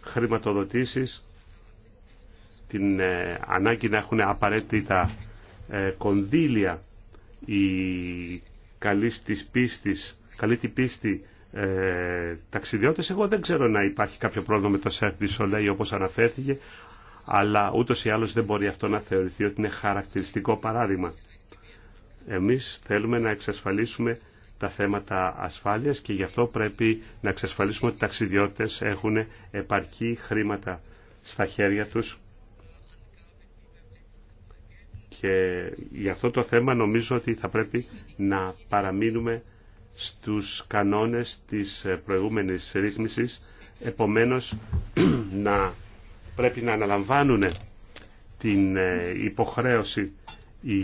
χρηματοδοτήσεις την ε, ανάγκη να έχουν απαραίτητα ε, κονδύλια η καλή της πίστης, καλή πίστη ε, ταξιδιώτες. Εγώ δεν ξέρω να υπάρχει κάποιο πρόβλημα με το Cirque du όπως αναφέρθηκε, αλλά ούτως ή άλλως δεν μπορεί αυτό να θεωρηθεί ότι είναι χαρακτηριστικό παράδειγμα. Εμείς θέλουμε να εξασφαλίσουμε τα θέματα ασφάλειας και γι' αυτό πρέπει να εξασφαλίσουμε ότι οι ταξιδιώτες έχουν επαρκή χρήματα στα χέρια τους και για αυτό το θέμα νομίζω ότι θα πρέπει να παραμείνουμε στους κανόνες της προηγούμενης ρύθμισης, επομένως να πρέπει να αναλαμβάνουν την ε, υποχρέωση οι,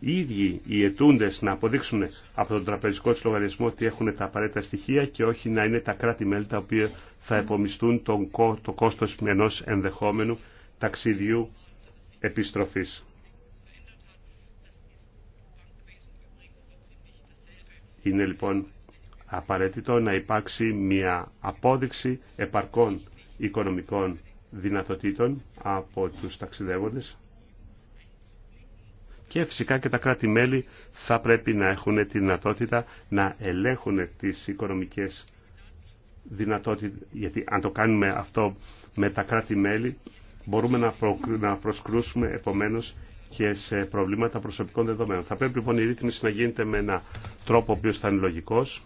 ίδιοι οι ετούντες να αποδείξουν από τον τραπεζικό του λογαριασμό ότι έχουν τα απαραίτητα στοιχεία και όχι να είναι τα κράτη-μέλη τα οποία θα επομιστούν τον, το κόστος ενός ενδεχόμενου ταξιδιού επιστροφής. Είναι λοιπόν απαραίτητο να υπάρξει μια απόδειξη επαρκών οικονομικών δυνατοτήτων από τους ταξιδεύοντες και φυσικά και τα κράτη-μέλη θα πρέπει να έχουν τη δυνατότητα να ελέγχουν τις οικονομικές δυνατότητες γιατί αν το κάνουμε αυτό με τα κράτη-μέλη μπορούμε να, να προσκρούσουμε επομένως και σε προβλήματα προσωπικών δεδομένων. Θα πρέπει λοιπόν η ρύθμιση να γίνεται με έναν τρόπο ο οποίος θα είναι λογικός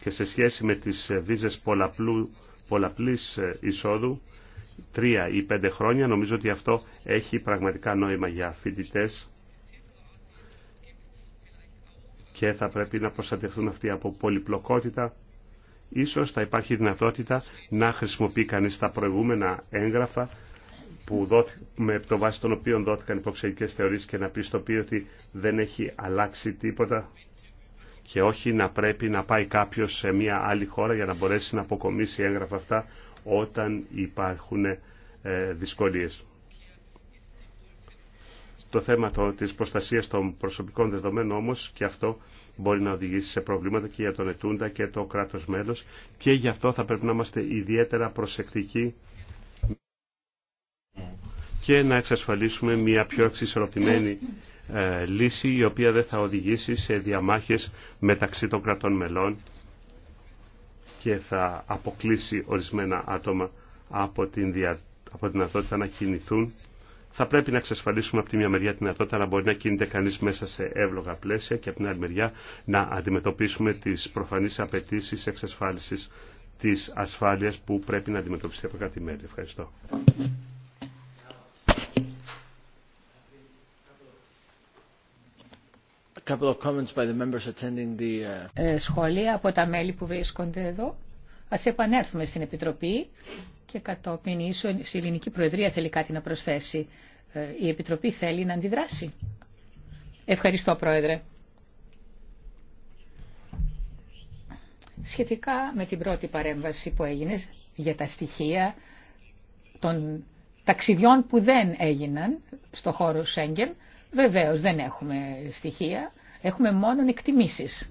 και σε σχέση με τις βίζες πολλαπλού, πολλαπλής εισόδου τρία ή πέντε χρόνια νομίζω ότι αυτό έχει πραγματικά νόημα για φοιτητέ και θα πρέπει να προστατευτούν αυτοί από πολυπλοκότητα Ίσως θα υπάρχει δυνατότητα να χρησιμοποιεί κανείς τα προηγούμενα έγγραφα που δόθη, με το βάση των οποίων δόθηκαν υποξενικές θεωρίες και να πιστοποιεί ότι δεν έχει αλλάξει τίποτα και όχι να πρέπει να πάει κάποιος σε μια άλλη χώρα για να μπορέσει να αποκομίσει έγγραφα αυτά όταν υπάρχουν ε, δυσκολίες. Το θέμα της προστασίας των προσωπικών δεδομένων όμως και αυτό μπορεί να οδηγήσει σε προβλήματα και για τον ετούντα και το κράτος μέλος και γι' αυτό θα πρέπει να είμαστε ιδιαίτερα προσεκτικοί και να εξασφαλίσουμε μια πιο εξισορροπημένη ε, λύση η οποία δεν θα οδηγήσει σε διαμάχες μεταξύ των κρατών μελών και θα αποκλείσει ορισμένα άτομα από την, από την δυνατότητα να κινηθούν θα πρέπει να εξασφαλίσουμε από τη μια μεριά τη δυνατότητα να μπορεί να κινείται κανεί μέσα σε εύλογα πλαίσια και από την άλλη μεριά να αντιμετωπίσουμε τι προφανείς απαιτήσει εξασφάλιση τη ασφάλεια που πρέπει να αντιμετωπιστεί από κάθε μέλη. Ευχαριστώ. Uh, ε, σχόλια από τα μέλη που βρίσκονται εδώ. Α επανέλθουμε στην Επιτροπή και κατόπιν ίσω η Ελληνική Προεδρία θέλει κάτι να προσθέσει. Ε, η Επιτροπή θέλει να αντιδράσει. Ευχαριστώ, Πρόεδρε. Σχετικά με την πρώτη παρέμβαση που έγινε για τα στοιχεία των ταξιδιών που δεν έγιναν στο χώρο Σέγγεν, βεβαίως δεν έχουμε στοιχεία, έχουμε μόνο εκτιμήσεις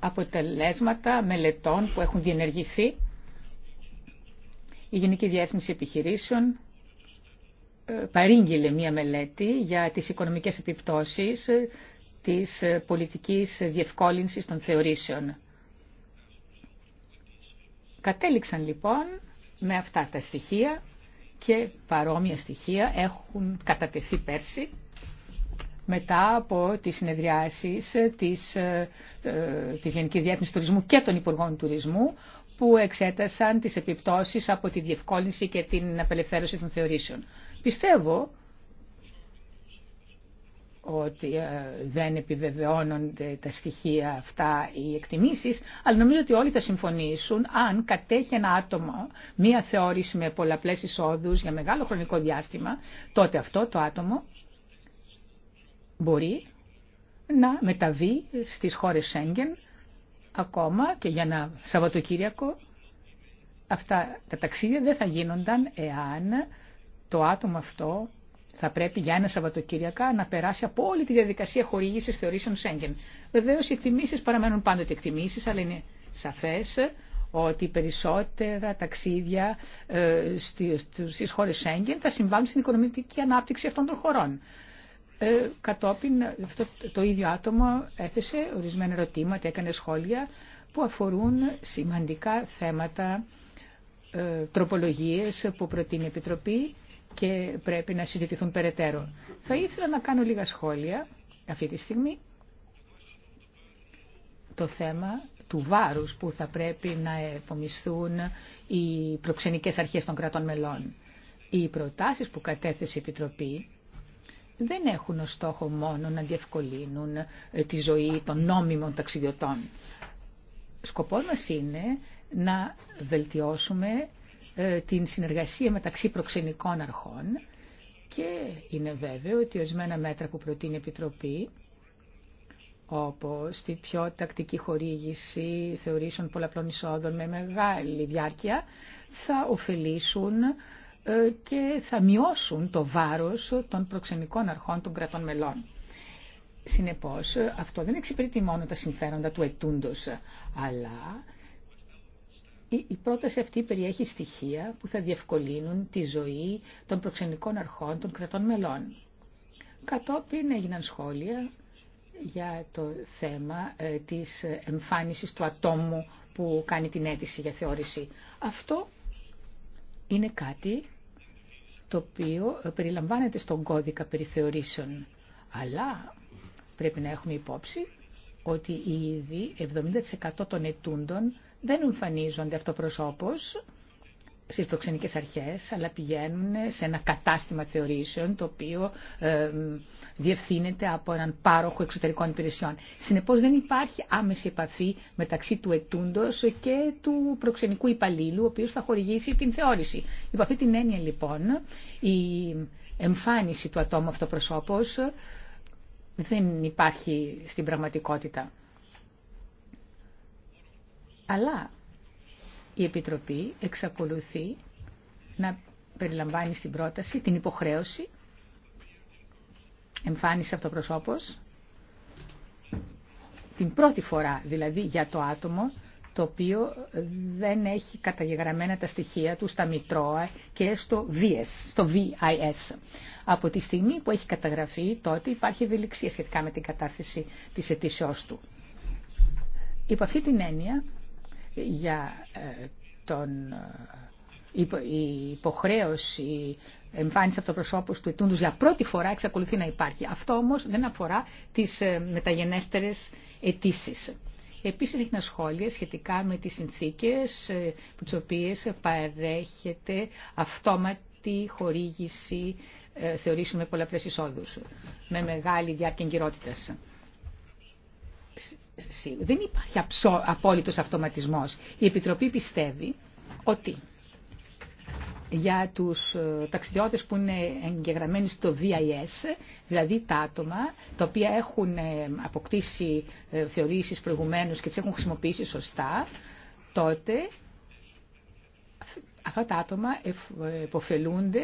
αποτελέσματα μελετών που έχουν διενεργηθεί. Η Γενική Διεύθυνση Επιχειρήσεων ε, παρήγγειλε μία μελέτη για τις οικονομικές επιπτώσεις ε, της ε, πολιτικής διευκόλυνσης των θεωρήσεων. Κατέληξαν λοιπόν με αυτά τα στοιχεία και παρόμοια στοιχεία έχουν κατατεθεί πέρσι μετά από τις συνεδριάσεις της, ε, ε, της Γενικής Διεύθυνσης Τουρισμού και των Υπουργών Τουρισμού που εξέτασαν τις επιπτώσεις από τη διευκόλυνση και την απελευθέρωση των θεωρήσεων. Πιστεύω ότι ε, δεν επιβεβαιώνονται τα στοιχεία αυτά οι εκτιμήσεις, αλλά νομίζω ότι όλοι θα συμφωνήσουν αν κατέχει ένα άτομο μία θεώρηση με πολλαπλές εισόδους για μεγάλο χρονικό διάστημα, τότε αυτό το άτομο μπορεί να μεταβεί στις χώρες Σέγγεν ακόμα και για ένα Σαββατοκύριακο αυτά τα ταξίδια δεν θα γίνονταν εάν το άτομο αυτό θα πρέπει για ένα Σαββατοκύριακα να περάσει από όλη τη διαδικασία χορήγησης θεωρήσεων Σέγγεν. Βεβαίως οι εκτιμήσεις παραμένουν πάντοτε εκτιμήσεις, αλλά είναι σαφές ότι περισσότερα ταξίδια ε, στις χώρες Σέγγεν θα συμβάλλουν στην οικονομική ανάπτυξη αυτών των χωρών. Ε, κατόπιν το ίδιο άτομο έθεσε ορισμένα ερωτήματα, έκανε σχόλια που αφορούν σημαντικά θέματα, ε, τροπολογίες που προτείνει η Επιτροπή και πρέπει να συζητηθούν περαιτέρω. Θα ήθελα να κάνω λίγα σχόλια αυτή τη στιγμή. Το θέμα του βάρους που θα πρέπει να επομισθούν οι προξενικές αρχές των κρατών μελών. Οι προτάσεις που κατέθεσε η Επιτροπή δεν έχουν ως στόχο μόνο να διευκολύνουν ε, τη ζωή των νόμιμων ταξιδιωτών. Σκοπός μας είναι να βελτιώσουμε ε, την συνεργασία μεταξύ προξενικών αρχών και είναι βέβαιο ότι ορισμένα μέτρα που προτείνει η Επιτροπή όπως τη πιο τακτική χορήγηση θεωρήσεων πολλαπλών εισόδων με μεγάλη διάρκεια, θα ωφελήσουν ε, και θα μειώσουν το βάρος των προξενικών αρχών των κρατών μελών. Συνεπώς, αυτό δεν εξυπηρετεί μόνο τα συμφέροντα του ετούντος, αλλά η πρόταση αυτή περιέχει στοιχεία που θα διευκολύνουν τη ζωή των προξενικών αρχών των κρατών μελών. Κατόπιν έγιναν σχόλια για το θέμα ε, της εμφάνισης του ατόμου που κάνει την αίτηση για θεώρηση. Αυτό είναι κάτι το οποίο περιλαμβάνεται στον κώδικα περιθεωρήσεων. Αλλά πρέπει να έχουμε υπόψη ότι ήδη 70% των ετούντων δεν εμφανίζονται αυτοπροσώπως στις προξενικές αρχές, αλλά πηγαίνουν σε ένα κατάστημα θεωρήσεων, το οποίο ε, διευθύνεται από έναν πάροχο εξωτερικών υπηρεσιών. Συνεπώς δεν υπάρχει άμεση επαφή μεταξύ του ετούντος και του προξενικού υπαλλήλου, ο οποίος θα χορηγήσει την θεώρηση. Υπό αυτή την έννοια λοιπόν, η εμφάνιση του ατόμου αυτοπροσώπως δεν υπάρχει στην πραγματικότητα. Αλλά η Επιτροπή εξακολουθεί να περιλαμβάνει στην πρόταση την υποχρέωση εμφάνιση αυτοπροσώπως την πρώτη φορά δηλαδή για το άτομο το οποίο δεν έχει καταγεγραμμένα τα στοιχεία του στα Μητρώα και στο VS, στο VIS. Από τη στιγμή που έχει καταγραφεί τότε υπάρχει ευελιξία σχετικά με την κατάθεση της αιτήσεώς του. Υπό αυτή την έννοια για ε, τον ε, υποχρέωση εμφάνιση από το προσώπο του ετούντου για πρώτη φορά εξακολουθεί να υπάρχει. Αυτό όμω δεν αφορά τι ε, μεταγενέστερε αιτήσει. Επίση, έχει ένα σχόλιο σχετικά με τι συνθήκε που τι οποίε παρέχεται αυτόματη χορήγηση θεωρήσεων με πολλαπλέ εισόδου με μεγάλη διάρκεια εγκυρότητα. Δεν υπάρχει απόλυτος αυτοματισμός. Η Επιτροπή πιστεύει ότι για τους ε, ταξιδιώτες που είναι εγγεγραμμένοι στο VIS, δηλαδή τα άτομα τα οποία έχουν ε, αποκτήσει ε, θεωρήσεις προηγουμένως και τις έχουν χρησιμοποιήσει σωστά, τότε αυτά τα άτομα υποφελούνται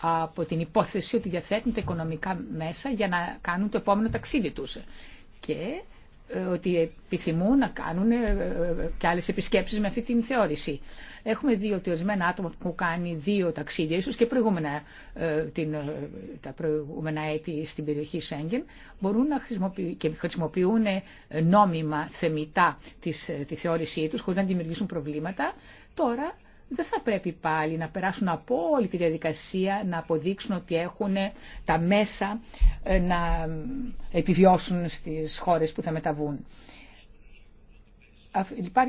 από την υπόθεση ότι διαθέτουν τα οικονομικά μέσα για να κάνουν το επόμενο ταξίδι τους. Και ότι επιθυμούν να κάνουν ε, ε, και άλλες επισκέψεις με αυτή την θεώρηση. Έχουμε δει ότι ορισμένα άτομα που έχουν κάνει δύο ταξίδια, ίσως και προηγούμενα, ε, την, τα προηγούμενα έτη στην περιοχή Σέγγεν, μπορούν να χρησιμοποιούν και νόμιμα θεμητά της, τη θεώρησή τους, χωρίς να δημιουργήσουν προβλήματα. Τώρα δεν θα πρέπει πάλι να περάσουν από όλη τη διαδικασία, να αποδείξουν ότι έχουν τα μέσα ε, να ε, επιβιώσουν στις χώρες που θα μεταβούν.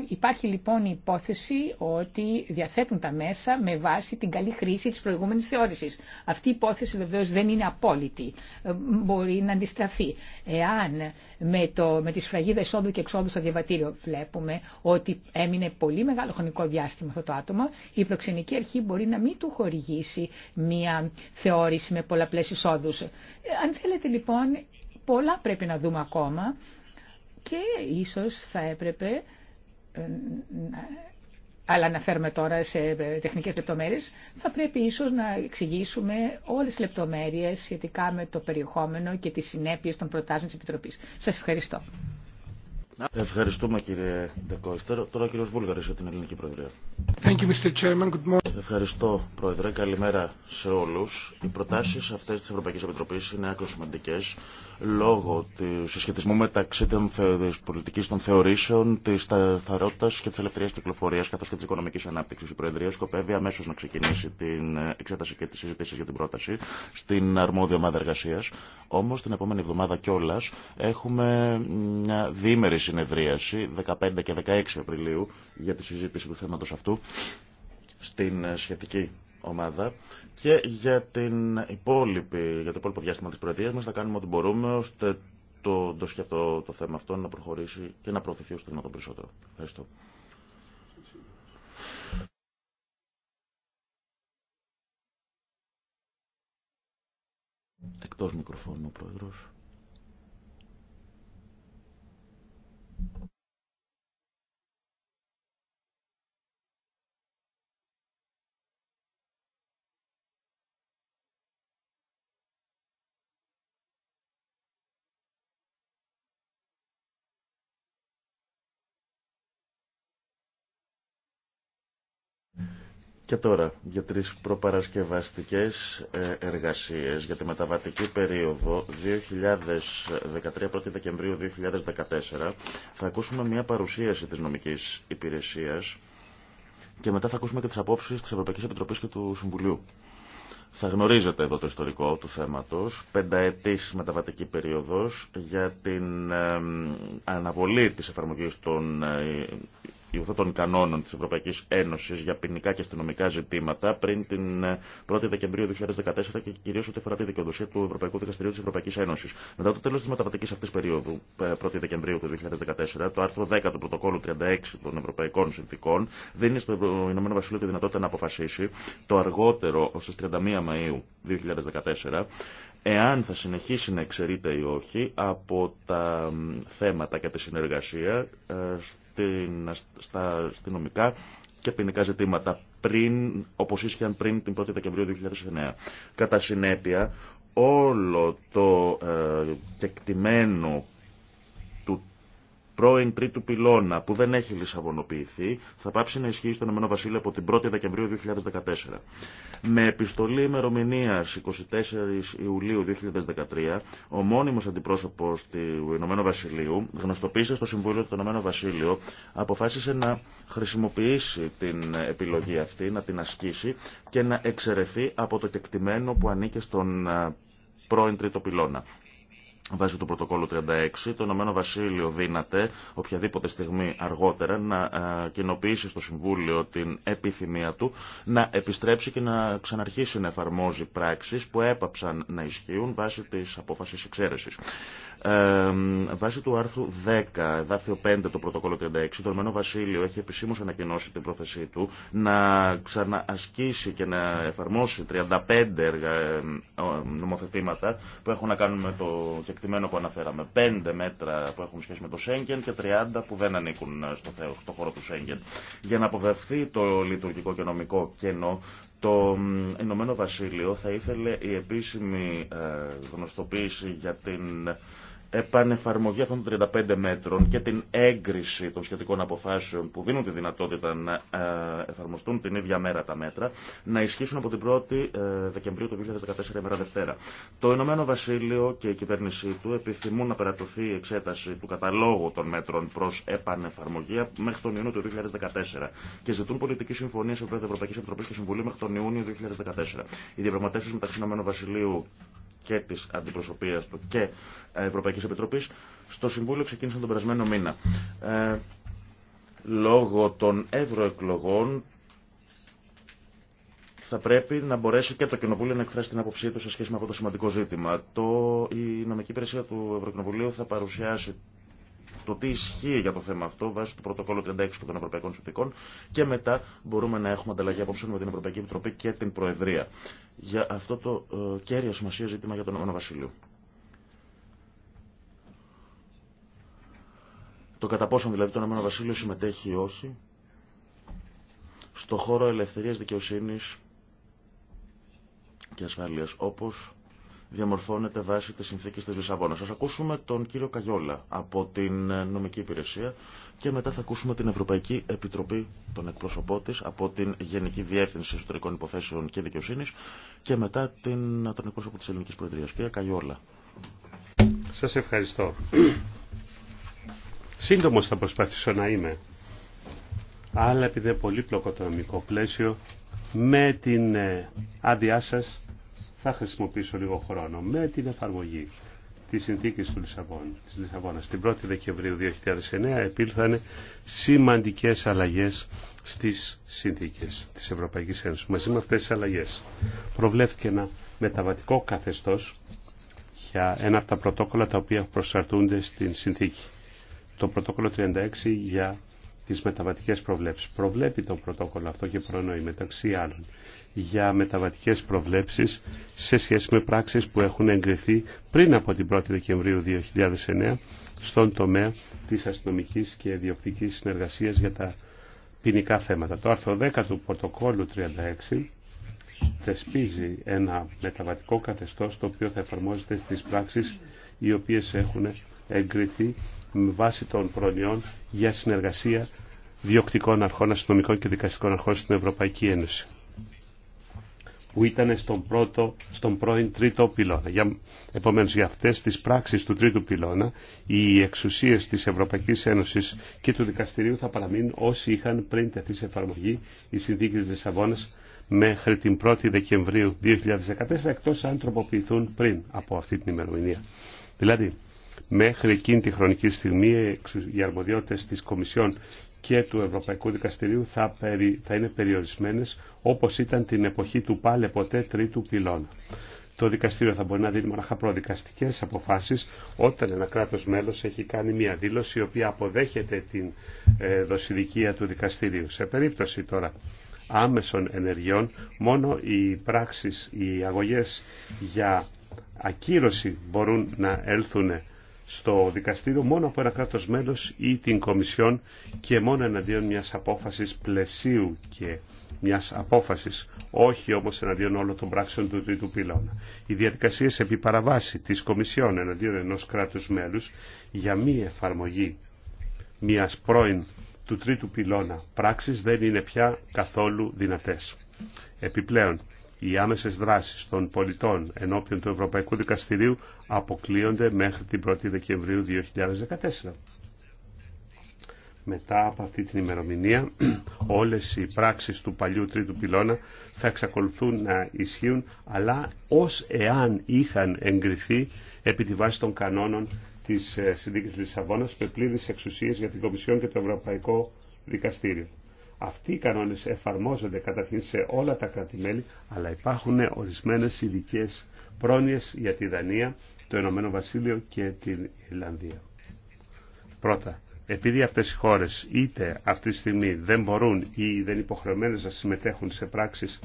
Υπάρχει λοιπόν η υπόθεση ότι διαθέτουν τα μέσα με βάση την καλή χρήση της προηγούμενης θεώρησης. Αυτή η υπόθεση βεβαίως δεν είναι απόλυτη. Ε, μπορεί να αντιστραφεί. Εάν με, το, με τη σφραγίδα εισόδου και εξόδου στο διαβατήριο βλέπουμε ότι έμεινε πολύ μεγάλο χρονικό διάστημα αυτό το άτομο, η προξενική αρχή μπορεί να μην του χορηγήσει μία θεώρηση με πολλαπλές εισόδους. Ε, αν θέλετε λοιπόν πολλά πρέπει να δούμε ακόμα και ίσως θα έπρεπε, ε, αλλά αναφέρουμε τώρα σε ε, τεχνικές λεπτομέρειες, θα πρέπει ίσως να εξηγήσουμε όλες τις λεπτομέρειες σχετικά με το περιεχόμενο και τις συνέπειες των προτάσεων της Επιτροπής. Σας ευχαριστώ. Ευχαριστούμε κύριε Ντεκόιστερ. Τώρα ο κύριος Βούλγαρης για την Ελληνική Προεδρία. Thank you, Mr. Chairman. Good morning. Ευχαριστώ Πρόεδρε. Καλημέρα σε όλους. Οι προτάσεις αυτές της Ευρωπαϊκής Επιτροπής είναι άκρο σημαντικές λόγω του συσχετισμού μεταξύ τη πολιτική των θεωρήσεων, τη σταθερότητα και τη ελευθερία κυκλοφορία καθώ και τη οικονομική ανάπτυξη. Η Προεδρία σκοπεύει αμέσω να ξεκινήσει την εξέταση και τι συζητήσει για την πρόταση στην αρμόδια ομάδα εργασία. Όμω την επόμενη εβδομάδα κιόλα έχουμε μια διήμερη συνεδρίαση 15 και 16 Απριλίου για τη συζήτηση του θέματο αυτού στην σχετική ομάδα και για, την υπόλοιπη, για το υπόλοιπο διάστημα της προεδρίας μας θα κάνουμε ό,τι μπορούμε ώστε το, το, το θέμα αυτό να προχωρήσει και να προωθηθεί όσο δυνατόν περισσότερο. Ευχαριστώ. Εκτός μικροφώνου ο Πρόεδρος. Και τώρα για τρεις προπαρασκευαστικές ε, εργασίες για τη μεταβατική περίοδο 2013 1 Δεκεμβρίου 2014 θα ακούσουμε μια παρουσίαση της νομικής υπηρεσίας και μετά θα ακούσουμε και τις απόψεις της Ευρωπαϊκής Επιτροπής και του Συμβουλίου. Θα γνωρίζετε εδώ το ιστορικό του θέματος, πενταετής μεταβατική περίοδος για την ε, αναβολή της εφαρμογής των ε, Υπόθετων κανόνων της Ευρωπαϊκής Ένωσης για ποινικά και αστυνομικά ζητήματα πριν την 1η ε, Δεκεμβρίου 2014 και κυρίως ό,τι αφορά τη δικαιοδοσία του Ευρωπαϊκού Δικαστηρίου της Ευρωπαϊκής Ένωσης. Μετά το τέλος της μεταβατικής αυτής περίοδου, 1η ε, Δεκεμβρίου του 2014, το άρθρο 10 του πρωτοκόλου 36 των Ευρωπαϊκών Συνθήκων δίνει στο Ηνωμένο Βασίλειο τη δυνατότητα να αποφασίσει το αργότερο ως 31 Μαΐου 2014 εάν θα συνεχίσει να εξαιρείται ή όχι από τα θέματα και τη συνεργασία ε, στην, στα αστυνομικά και ποινικά ζητήματα πριν, όπως ίσχυαν πριν την 1η Δεκεμβρίου 2009. Κατά συνέπεια, όλο το ε, κεκτημένο πρώην τρίτου πυλώνα που δεν έχει λισαβονοποιηθεί θα πάψει να ισχύει στον Ηνωμένο Βασίλειο από την 1η Δεκεμβρίου 2014. Με επιστολή ημερομηνία 24 Ιουλίου 2013, ο μόνιμο αντιπρόσωπο του Ηνωμένου Βασιλείου γνωστοποίησε στο Συμβούλιο του Ηνωμένου Βασίλειο, αποφάσισε να χρησιμοποιήσει την επιλογή αυτή, να την ασκήσει και να εξαιρεθεί από το κεκτημένο που ανήκε στον ε, πρώην τρίτο πυλώνα. Βάσει του πρωτοκόλλου 36, το Ηνωμένο Βασίλειο δύναται οποιαδήποτε στιγμή αργότερα να ε, κοινοποιήσει στο Συμβούλιο την επιθυμία του να επιστρέψει και να ξαναρχίσει να εφαρμόζει πράξεις που έπαψαν να ισχύουν βάσει της απόφασης εξαίρεσης. Ε, βάσει του άρθρου 10, εδάφιο 5 του πρωτοκόλλου 36, το Ηνωμένο Βασίλειο έχει επισήμως ανακοινώσει την πρόθεσή του να ξαναασκήσει και να εφαρμόσει 35 ε, νομοθετήματα που έχουν να κάνουν με το Εκτιμένο που αναφέραμε. Πέντε μέτρα που έχουν σχέση με το Σέγγεν και 30 που δεν ανήκουν στο, χώρο του Σέγγεν. Για να αποβευθεί το λειτουργικό και νομικό κενό, το Ηνωμένο Βασίλειο θα ήθελε η επίσημη ε, γνωστοποίηση για την επανεφαρμογή αυτών των 35 μέτρων και την έγκριση των σχετικών αποφάσεων που δίνουν τη δυνατότητα να ε, εφαρμοστούν την ίδια μέρα τα μέτρα να ισχύσουν από την 1η ε, Δεκεμβρίου του 2014 ημέρα Δευτέρα. Το Ηνωμένο Βασίλειο και η κυβέρνησή του επιθυμούν να περατωθεί η εξέταση του καταλόγου των μέτρων προ επανεφαρμογή μέχρι τον Ιούνιο του 2014 και ζητούν πολιτική συμφωνία σε επίπεδο Ευρωπαϊκή Επιτροπή και Συμβουλή μέχρι τον Ιούνιο 2014. Οι διαπραγματεύσει μεταξύ Ηνωμένου Βασιλείου και τη αντιπροσωπείας του και ε, Ευρωπαϊκής Επιτροπής στο Συμβούλιο ξεκίνησαν τον περασμένο μήνα. Ε, λόγω των ευρωεκλογών θα πρέπει να μπορέσει και το Κοινοβούλιο να εκφράσει την άποψή του σε σχέση με αυτό το σημαντικό ζήτημα. Το, η νομική υπηρεσία του Ευρωκοινοβουλίου θα παρουσιάσει το τι ισχύει για το θέμα αυτό βάσει του πρωτοκόλλου 36 των Ευρωπαϊκών Συνθηκών και μετά μπορούμε να έχουμε ανταλλαγή απόψεων με την Ευρωπαϊκή Επιτροπή και την Προεδρία για αυτό το ε, κέριο σημασία ζήτημα για τον Ηνωμένο Βασίλειο. Το κατά πόσον δηλαδή τον Ηνωμένο Βασίλειο συμμετέχει ή όχι στο χώρο ελευθερίας δικαιοσύνης και ασφάλειας όπως διαμορφώνεται βάσει τη συνθήκη τη Λισαβόνα. Α ακούσουμε τον κύριο Καγιόλα από την νομική υπηρεσία και μετά θα ακούσουμε την Ευρωπαϊκή Επιτροπή, τον εκπρόσωπό τη, από την Γενική Διεύθυνση Εσωτερικών Υποθέσεων και Δικαιοσύνη και μετά την, τον εκπρόσωπο τη Ελληνική Προεδρία. Κύριε Καγιόλα. Σα ευχαριστώ. Σύντομο θα προσπαθήσω να είμαι. Αλλά επειδή πολύπλοκο το νομικό πλαίσιο, με την ε, άδειά σας θα χρησιμοποιήσω λίγο χρόνο με την εφαρμογή της συνθήκης του Λισαβόνα. Της Την 1η Δεκεμβρίου 2009 επήλθαν σημαντικές αλλαγές στις συνθήκες της Ευρωπαϊκής Ένωσης. Μαζί με αυτές τις αλλαγές προβλέφθηκε ένα μεταβατικό καθεστώς για ένα από τα πρωτόκολλα τα οποία προσαρτούνται στην συνθήκη. Το πρωτόκολλο 36 για τις μεταβατικές προβλέψεις. Προβλέπει το πρωτόκολλο αυτό και προνοεί μεταξύ άλλων για μεταβατικές προβλέψεις σε σχέση με πράξεις που έχουν εγκριθεί πριν από την 1η Δεκεμβρίου 2009 στον τομέα της αστυνομικής και ιδιοκτικής συνεργασίας για τα ποινικά θέματα. Το άρθρο 10 του πρωτοκόλλου 36 θεσπίζει ένα μεταβατικό καθεστώς το οποίο θα εφαρμόζεται στις πράξεις οι οποίες έχουν εγκριθεί με βάση των προνοιών για συνεργασία διοκτικών αρχών, αστυνομικών και δικαστικών αρχών στην Ευρωπαϊκή Ένωση που ήταν στον, πρώτο, στον πρώην τρίτο πυλώνα. Για, επομένως για αυτές τις πράξεις του τρίτου πυλώνα οι εξουσίες της Ευρωπαϊκής Ένωσης και του δικαστηρίου θα παραμείνουν όσοι είχαν πριν τεθεί σε εφαρμογή η συνθήκη της Λισαβόνας μέχρι την 1η Δεκεμβρίου 2014 εκτός αν τροποποιηθούν πριν από αυτή την ημερομηνία. Δηλαδή Μέχρι εκείνη τη χρονική στιγμή οι αρμοδιότητες της Κομισιόν και του Ευρωπαϊκού Δικαστηρίου θα, περι, θα είναι περιορισμένες όπως ήταν την εποχή του πάλε ποτέ τρίτου πυλώνα. Το δικαστήριο θα μπορεί να δίνει μοναχά προδικαστικές αποφάσεις όταν ένα κράτος μέλος έχει κάνει μια δήλωση η οποία αποδέχεται την ε, δοσηδικία του δικαστηρίου. Σε περίπτωση τώρα άμεσων ενεργειών μόνο οι πράξεις, οι αγωγές για ακύρωση μπορούν να έλθουν στο δικαστήριο μόνο από ένα κράτος μέλος ή την Κομισιόν και μόνο εναντίον μιας απόφασης πλαισίου και μιας απόφασης, όχι όμως εναντίον όλων των πράξεων του τρίτου πυλώνα. Οι διαδικασίες επί παραβάση της Κομισιόν εναντίον ενός κράτους μέλους για μη εφαρμογή μιας πρώην του τρίτου πυλώνα πράξης δεν είναι πια καθόλου δυνατές. Επιπλέον, οι άμεσες δράσεις των πολιτών ενώπιον του Ευρωπαϊκού Δικαστηρίου αποκλείονται μέχρι την 1η Δεκεμβρίου 2014. Μετά από αυτή την ημερομηνία, όλες οι πράξεις του παλιού τρίτου πυλώνα θα εξακολουθούν να ισχύουν, αλλά ως εάν είχαν εγκριθεί επί τη βάση των κανόνων της ε, Συνδίκης Λισαβόνας με πλήρες εξουσίες για την Κομισιόν και το Ευρωπαϊκό Δικαστήριο. Αυτοί οι κανόνες εφαρμόζονται καταρχήν σε όλα τα κράτη-μέλη, αλλά υπάρχουν ορισμένες ειδικέ πρόνοιες για τη Δανία, το Ηνωμένο Βασίλειο και την Ιρλανδία. Πρώτα, επειδή αυτές οι χώρες είτε αυτή τη στιγμή δεν μπορούν ή δεν υποχρεωμένες να συμμετέχουν σε πράξεις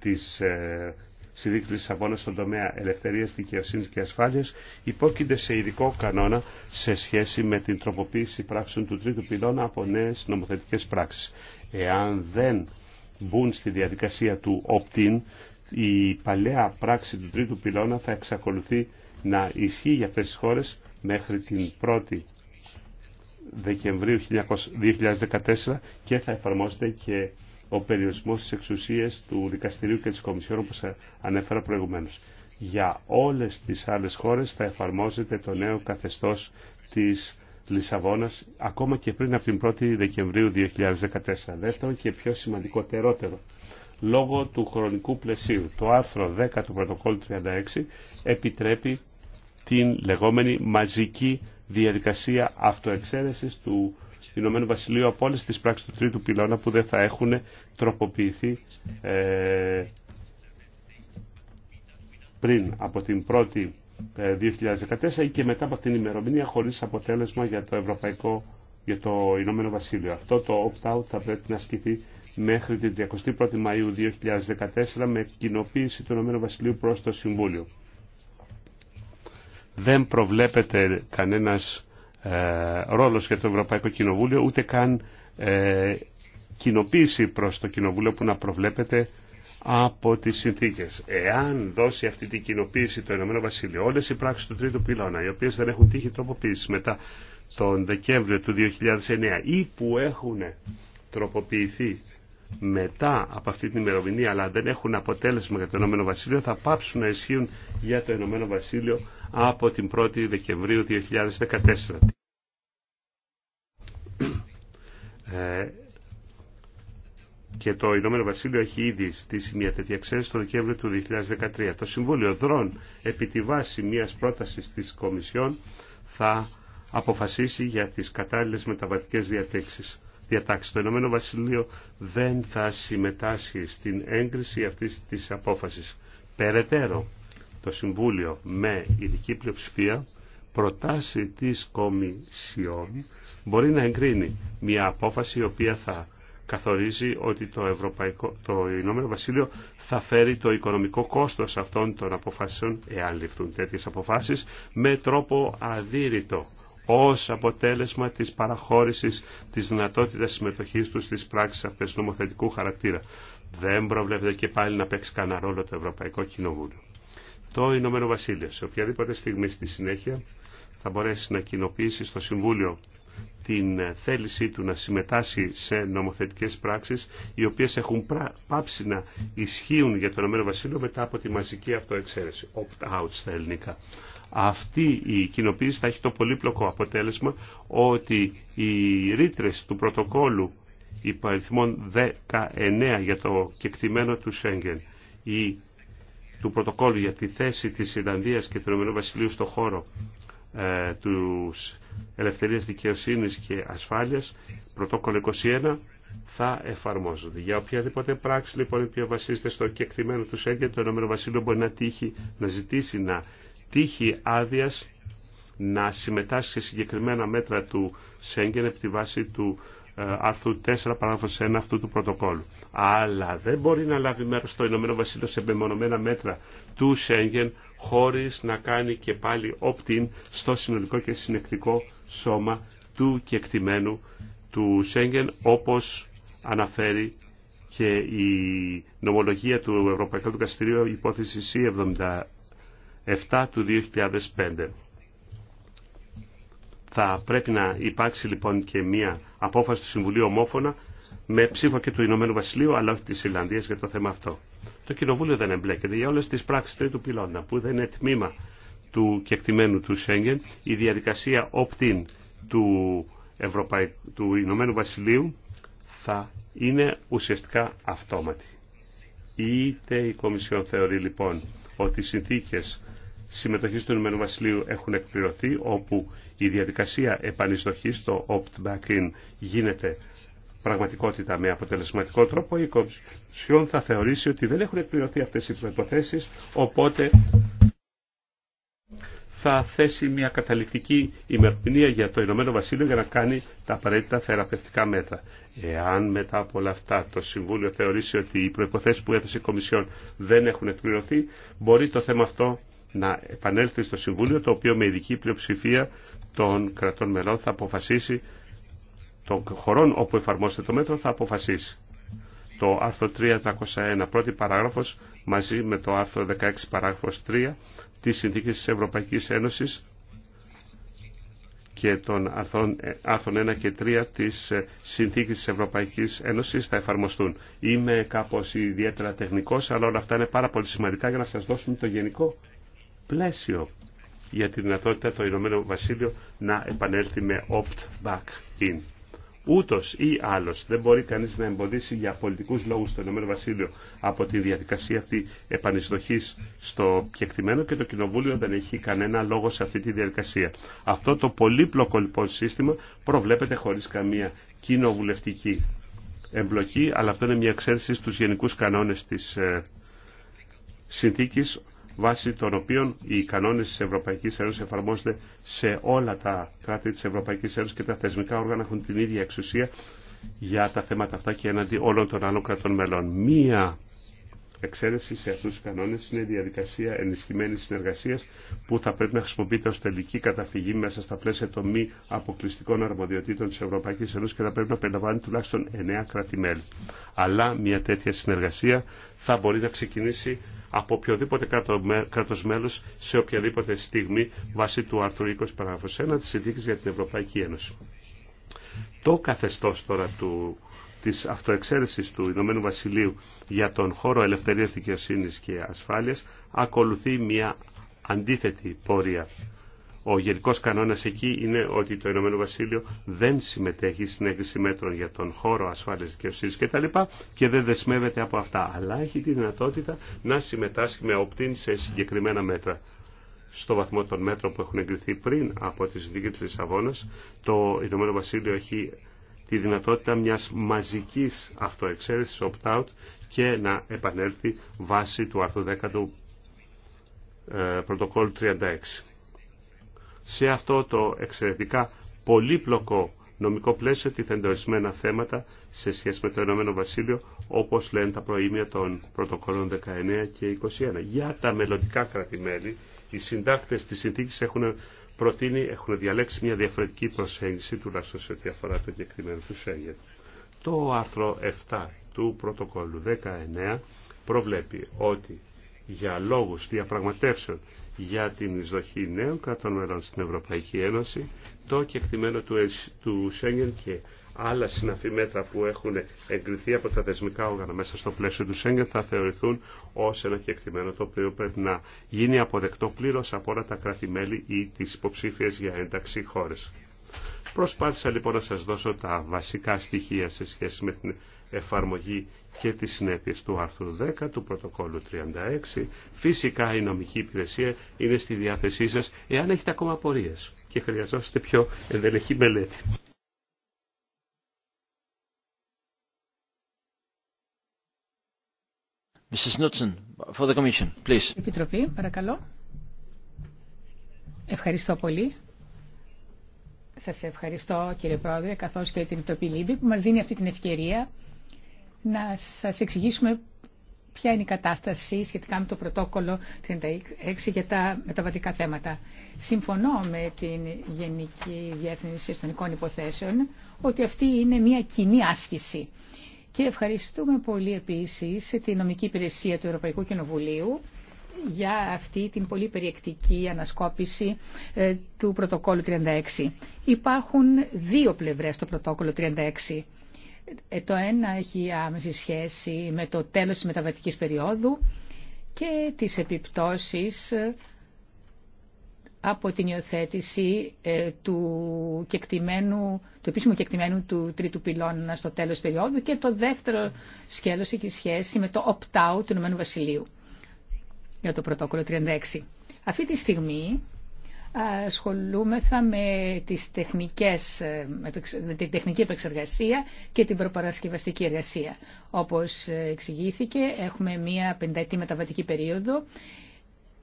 της ε, συνδίκης Λισαβόνα στον τομέα ελευθερία δικαιοσύνη και ασφάλεια, υπόκεινται σε ειδικό κανόνα σε σχέση με την τροποποίηση πράξεων του τρίτου πυλώνα από νέε νομοθετικέ πράξει. Εάν δεν μπουν στη διαδικασία του opt-in, η παλαιά πράξη του τρίτου πυλώνα θα εξακολουθεί να ισχύει για αυτές τις χώρες μέχρι την 1η Δεκεμβρίου 2014 και θα εφαρμόζεται και ο περιορισμός της εξουσίας του Δικαστηρίου και της Κομισιόν όπως ανέφερα προηγουμένως. Για όλες τις άλλες χώρες θα εφαρμόζεται το νέο καθεστώς της Λισαβόνας ακόμα και πριν από την 1η Δεκεμβρίου 2014. Δεύτερον και πιο σημαντικότερότερο, λόγω του χρονικού πλαισίου, το άρθρο 10 του πρωτοκόλλου 36 επιτρέπει την λεγόμενη μαζική διαδικασία αυτοεξαίρεσης του Ηνωμένου Βασιλείου από όλες τις πράξεις του τρίτου πυλώνα που δεν θα έχουν τροποποιηθεί ε, πριν από την 1η 2014 ε, ή και μετά από αυτήν την ημερομηνία χωρίς αποτέλεσμα για το Ευρωπαϊκό για το Ηνωμένο Βασίλειο. Αυτό το opt-out θα πρέπει να ασκηθεί μέχρι την 31η Μαΐου 2014 με κοινοποίηση του Ηνωμένου Βασιλείου προς το Συμβούλιο. Δεν προβλέπεται κανένας ε, ρόλος για το Ευρωπαϊκό Κοινοβούλιο, ούτε καν ε, κοινοποίηση προς το Κοινοβούλιο που να προβλέπεται από τι συνθήκε. Εάν δώσει αυτή την κοινοποίηση το Ηνωμένο Βασίλειο, όλε οι πράξει του τρίτου πυλώνα, οι οποίε δεν έχουν τύχει τροποποίηση μετά τον Δεκέμβριο του 2009 ή που έχουν τροποποιηθεί μετά από αυτή την ημερομηνία αλλά δεν έχουν αποτέλεσμα για το Ηνωμένο Βασίλειο θα πάψουν να ισχύουν για το Ηνωμένο Βασίλειο από την 1η Δεκεμβρίου 2014 και το Ηνωμένο Βασίλειο έχει ήδη στήσει μια τέτοια εξαίρεση το Δεκέμβριο του 2013. Το Συμβούλιο Δρόν, επί τη βάση μιας πρότασης της Κομισιόν, θα αποφασίσει για τις κατάλληλες μεταβατικές διατάξεις. Το Ηνωμένο Βασίλειο δεν θα συμμετάσχει στην έγκριση αυτής της απόφασης. Περαιτέρω, το Συμβούλιο με ειδική πλειοψηφία προτάσει της Κομισιόν μπορεί να εγκρίνει μια απόφαση η οποία θα καθορίζει ότι το, Ευρωπαϊκό, το Ηνωμένο Βασίλειο θα φέρει το οικονομικό κόστος αυτών των αποφάσεων, εάν ληφθούν τέτοιες αποφάσεις, με τρόπο αδύρυτο ως αποτέλεσμα της παραχώρησης της δυνατότητας συμμετοχής τους στις πράξεις αυτές νομοθετικού χαρακτήρα. Δεν προβλέπεται και πάλι να παίξει κανένα ρόλο το Ευρωπαϊκό Κοινοβούλιο. Το Ηνωμένο Βασίλειο σε οποιαδήποτε στιγμή στη συνέχεια θα μπορέσει να κοινοποιήσει στο Συμβούλιο την θέλησή του να συμμετάσχει σε νομοθετικές πράξεις οι οποίες έχουν πάψει να ισχύουν για το Ηνωμένο Βασίλειο μετά από τη μαζική αυτοεξαίρεση. Opt-out στα ελληνικά. Αυτή η κοινοποίηση θα έχει το πολύπλοκο αποτέλεσμα ότι οι ρήτρε του πρωτοκόλου υπαριθμών 19 για το κεκτημένο του Σέγγεν ή του πρωτοκόλου για τη θέση της Ιρλανδίας και του Ηνωμένου Βασιλείου στο χώρο ε, τους ελευθερίας δικαιοσύνης και ασφάλειας, πρωτόκολλο 21, θα εφαρμόζονται. Για οποιαδήποτε πράξη λοιπόν η οποία βασίζεται στο κεκτημένο του Σέγγεν, το ΕΒ μπορεί να, τύχει, να ζητήσει να τύχει άδεια να συμμετάσχει σε συγκεκριμένα μέτρα του Σέγγεν επί τη βάση του ε, άρθρου 4 παράγραφος 1 αυτού του πρωτοκόλου. Αλλά δεν μπορεί να λάβει μέρος στο Ηνωμένο Βασίλειο σε μεμονωμένα μέτρα του Σέγγεν χωρίς να κάνει και πάλι opt-in στο συνολικό και συνεκτικό σώμα του κεκτημένου του Σέγγεν όπως αναφέρει και η νομολογία του Ευρωπαϊκού Δικαστηρίου υπόθεση C77 του 2005. Θα πρέπει να υπάρξει λοιπόν και μια απόφαση του Συμβουλίου ομόφωνα με ψήφο και του Ηνωμένου Βασιλείου αλλά όχι τη Ιρλανδία για το θέμα αυτό. Το Κοινοβούλιο δεν εμπλέκεται για όλε τι πράξει τρίτου πυλώνα που δεν είναι τμήμα του κεκτημένου του Σέγγεν. Η διαδικασία opt-in του, Ευρωπαϊ... του Ηνωμένου Βασιλείου θα είναι ουσιαστικά αυτόματη. Είτε η Κομισιόν θεωρεί λοιπόν ότι οι συνθήκε συμμετοχή του Ηνωμένου Βασιλείου έχουν εκπληρωθεί όπου η διαδικασία επανίστοχη στο opt-back-in, γίνεται πραγματικότητα με αποτελεσματικό τρόπο. Η Κομισιόν θα θεωρήσει ότι δεν έχουν εκπληρωθεί αυτές οι προποθέσει, οπότε θα θέσει μια καταληκτική ημερομηνία για το Ηνωμένο Βασίλειο για να κάνει τα απαραίτητα θεραπευτικά μέτρα. Εάν μετά από όλα αυτά το Συμβούλιο θεωρήσει ότι οι προποθέσει που έθεσε η Κομισιόν δεν έχουν εκπληρωθεί, μπορεί το θέμα αυτό να επανέλθει στο Συμβούλιο, το οποίο με ειδική πλειοψηφία των κρατών μελών θα αποφασίσει, των χωρών όπου εφαρμόσετε το μέτρο θα αποφασίσει. Το άρθρο 301, πρώτη παράγραφος μαζί με το άρθρο 16 παράγραφος 3 της Συνθήκης της Ευρωπαϊκής Ένωσης και των ε, άρθρων, άρθρων 1 και 3 της ε, Συνθήκης της Ευρωπαϊκής Ένωσης θα εφαρμοστούν. Είμαι κάπως ιδιαίτερα τεχνικός, αλλά όλα αυτά είναι πάρα πολύ σημαντικά για να σας δώσουμε το γενικό πλαίσιο για τη δυνατότητα το Ηνωμένο Βασίλειο να επανέλθει με opt-back in. Ούτω ή άλλω δεν μπορεί κανεί να εμποδίσει για πολιτικού λόγου το Ηνωμένο Βασίλειο από τη διαδικασία αυτή επανεισδοχή στο πιεκτημένο και το Κοινοβούλιο δεν έχει κανένα λόγο σε αυτή τη διαδικασία. Αυτό το πολύπλοκο λοιπόν σύστημα προβλέπεται χωρί καμία κοινοβουλευτική εμπλοκή, αλλά αυτό είναι μια εξαίρεση στου γενικού κανόνε τη ε, συνθήκη βάσει των οποίων οι κανόνε τη Ευρωπαϊκή Ένωση εφαρμόζονται σε όλα τα κράτη τη Ευρωπαϊκή Ένωση και τα θεσμικά όργανα έχουν την ίδια εξουσία για τα θέματα αυτά και έναντι όλων των άλλων κρατών μελών. Μία εξαίρεση σε αυτού του κανόνε είναι η διαδικασία ενισχυμένη συνεργασία που θα πρέπει να χρησιμοποιείται ω τελική καταφυγή μέσα στα πλαίσια των μη αποκλειστικών αρμοδιοτήτων τη Ευρωπαϊκή Ένωση και θα πρέπει να περιλαμβάνει τουλάχιστον 9 κράτη-μέλη. Αλλά μια τέτοια συνεργασία θα μπορεί να ξεκινήσει από οποιοδήποτε κράτο μέλο σε οποιαδήποτε στιγμή βάσει του άρθρου 20 παράγραφος 1 της Συνθήκης για την Ευρωπαϊκή Ένωση. Το καθεστώ τώρα του της αυτοεξαίρεσης του Ηνωμένου Βασιλείου για τον χώρο ελευθερίας δικαιοσύνης και ασφάλειας ακολουθεί μια αντίθετη πορεία. Ο γενικό κανόνα εκεί είναι ότι το Ηνωμένο Βασίλειο δεν συμμετέχει στην έγκριση μέτρων για τον χώρο ασφάλεια δικαιοσύνη κτλ. και δεν δεσμεύεται από αυτά. Αλλά έχει τη δυνατότητα να συμμετάσχει με οπτήν σε συγκεκριμένα μέτρα. Στο βαθμό των μέτρων που έχουν εγκριθεί πριν από τη συνθήκη τη Λισαβόνα, το Ηνωμένο Βασίλειο έχει τη δυνατότητα μιας μαζικής αυτοεξαίρεσης opt-out και να επανέλθει βάση του άρθρου 10 του ε, πρωτοκόλλου 36. Σε αυτό το εξαιρετικά πολύπλοκο νομικό πλαίσιο τίθενται ορισμένα θέματα σε σχέση με το Ηνωμένο Βασίλειο, όπως λένε τα προήμια των πρωτοκόλλων 19 και 21. Για τα μελλοντικά κρατημέλη, οι συντάκτες της συνθήκης έχουν προτείνει, έχουν διαλέξει μια διαφορετική προσέγγιση τουλάχιστον σε ό,τι αφορά το κεκτημένο του Σέγγεν. Το άρθρο 7 του πρωτοκόλλου 19 προβλέπει ότι για λόγους διαπραγματεύσεων για την εισδοχή νέων κρατών μελών στην Ευρωπαϊκή Ένωση, το κεκτημένο του Σέγγεν και άλλα συναφή μέτρα που έχουν εγκριθεί από τα δεσμικά όργανα μέσα στο πλαίσιο του Σέγγεν θα θεωρηθούν ω ένα κεκτημένο το οποίο πρέπει να γίνει αποδεκτό πλήρω από όλα τα κράτη-μέλη ή τι υποψήφιε για ένταξη χώρε. Προσπάθησα λοιπόν να σας δώσω τα βασικά στοιχεία σε σχέση με την εφαρμογή και τις συνέπειες του άρθρου 10 του πρωτοκόλλου 36. Φυσικά η νομική υπηρεσία είναι στη διάθεσή σας εάν έχετε ακόμα απορίες και χρειαζόσαστε πιο ενδελεχή μελέτη. Επιτροπή, παρακαλώ. Ευχαριστώ πολύ. Σας ευχαριστώ κύριε Πρόεδρε, καθώς και την Επιτροπή Λίμπη που μας δίνει αυτή την ευκαιρία να σας εξηγήσουμε ποια είναι η κατάσταση σχετικά με το πρωτόκολλο 36 για τα μεταβατικά θέματα. Συμφωνώ με την Γενική Διεύθυνση Ιστονικών Υποθέσεων ότι αυτή είναι μια κοινή άσκηση και ευχαριστούμε πολύ επίσης τη νομική υπηρεσία του Ευρωπαϊκού Κοινοβουλίου για αυτή την πολύ περιεκτική ανασκόπηση ε, του πρωτοκόλλου 36. Υπάρχουν δύο πλευρές στο πρωτόκολλο 36. Ε, το ένα έχει άμεση σχέση με το τέλος της μεταβατικής περίοδου και τις επιπτώσεις ε, από την υιοθέτηση ε, του, κεκτημένου, του επίσημου κεκτημένου του τρίτου πυλώνα στο τέλος περίοδου και το δεύτερο σκέλος έχει σχέση με το opt-out του Ηνωμένου Βασιλείου για το πρωτόκολλο 36. Αυτή τη στιγμή ασχολούμεθα με, τις τεχνικές, ε, με την τεχνική επεξεργασία και την προπαρασκευαστική εργασία. Όπως ε, εξηγήθηκε, έχουμε μία πενταετή μεταβατική περίοδο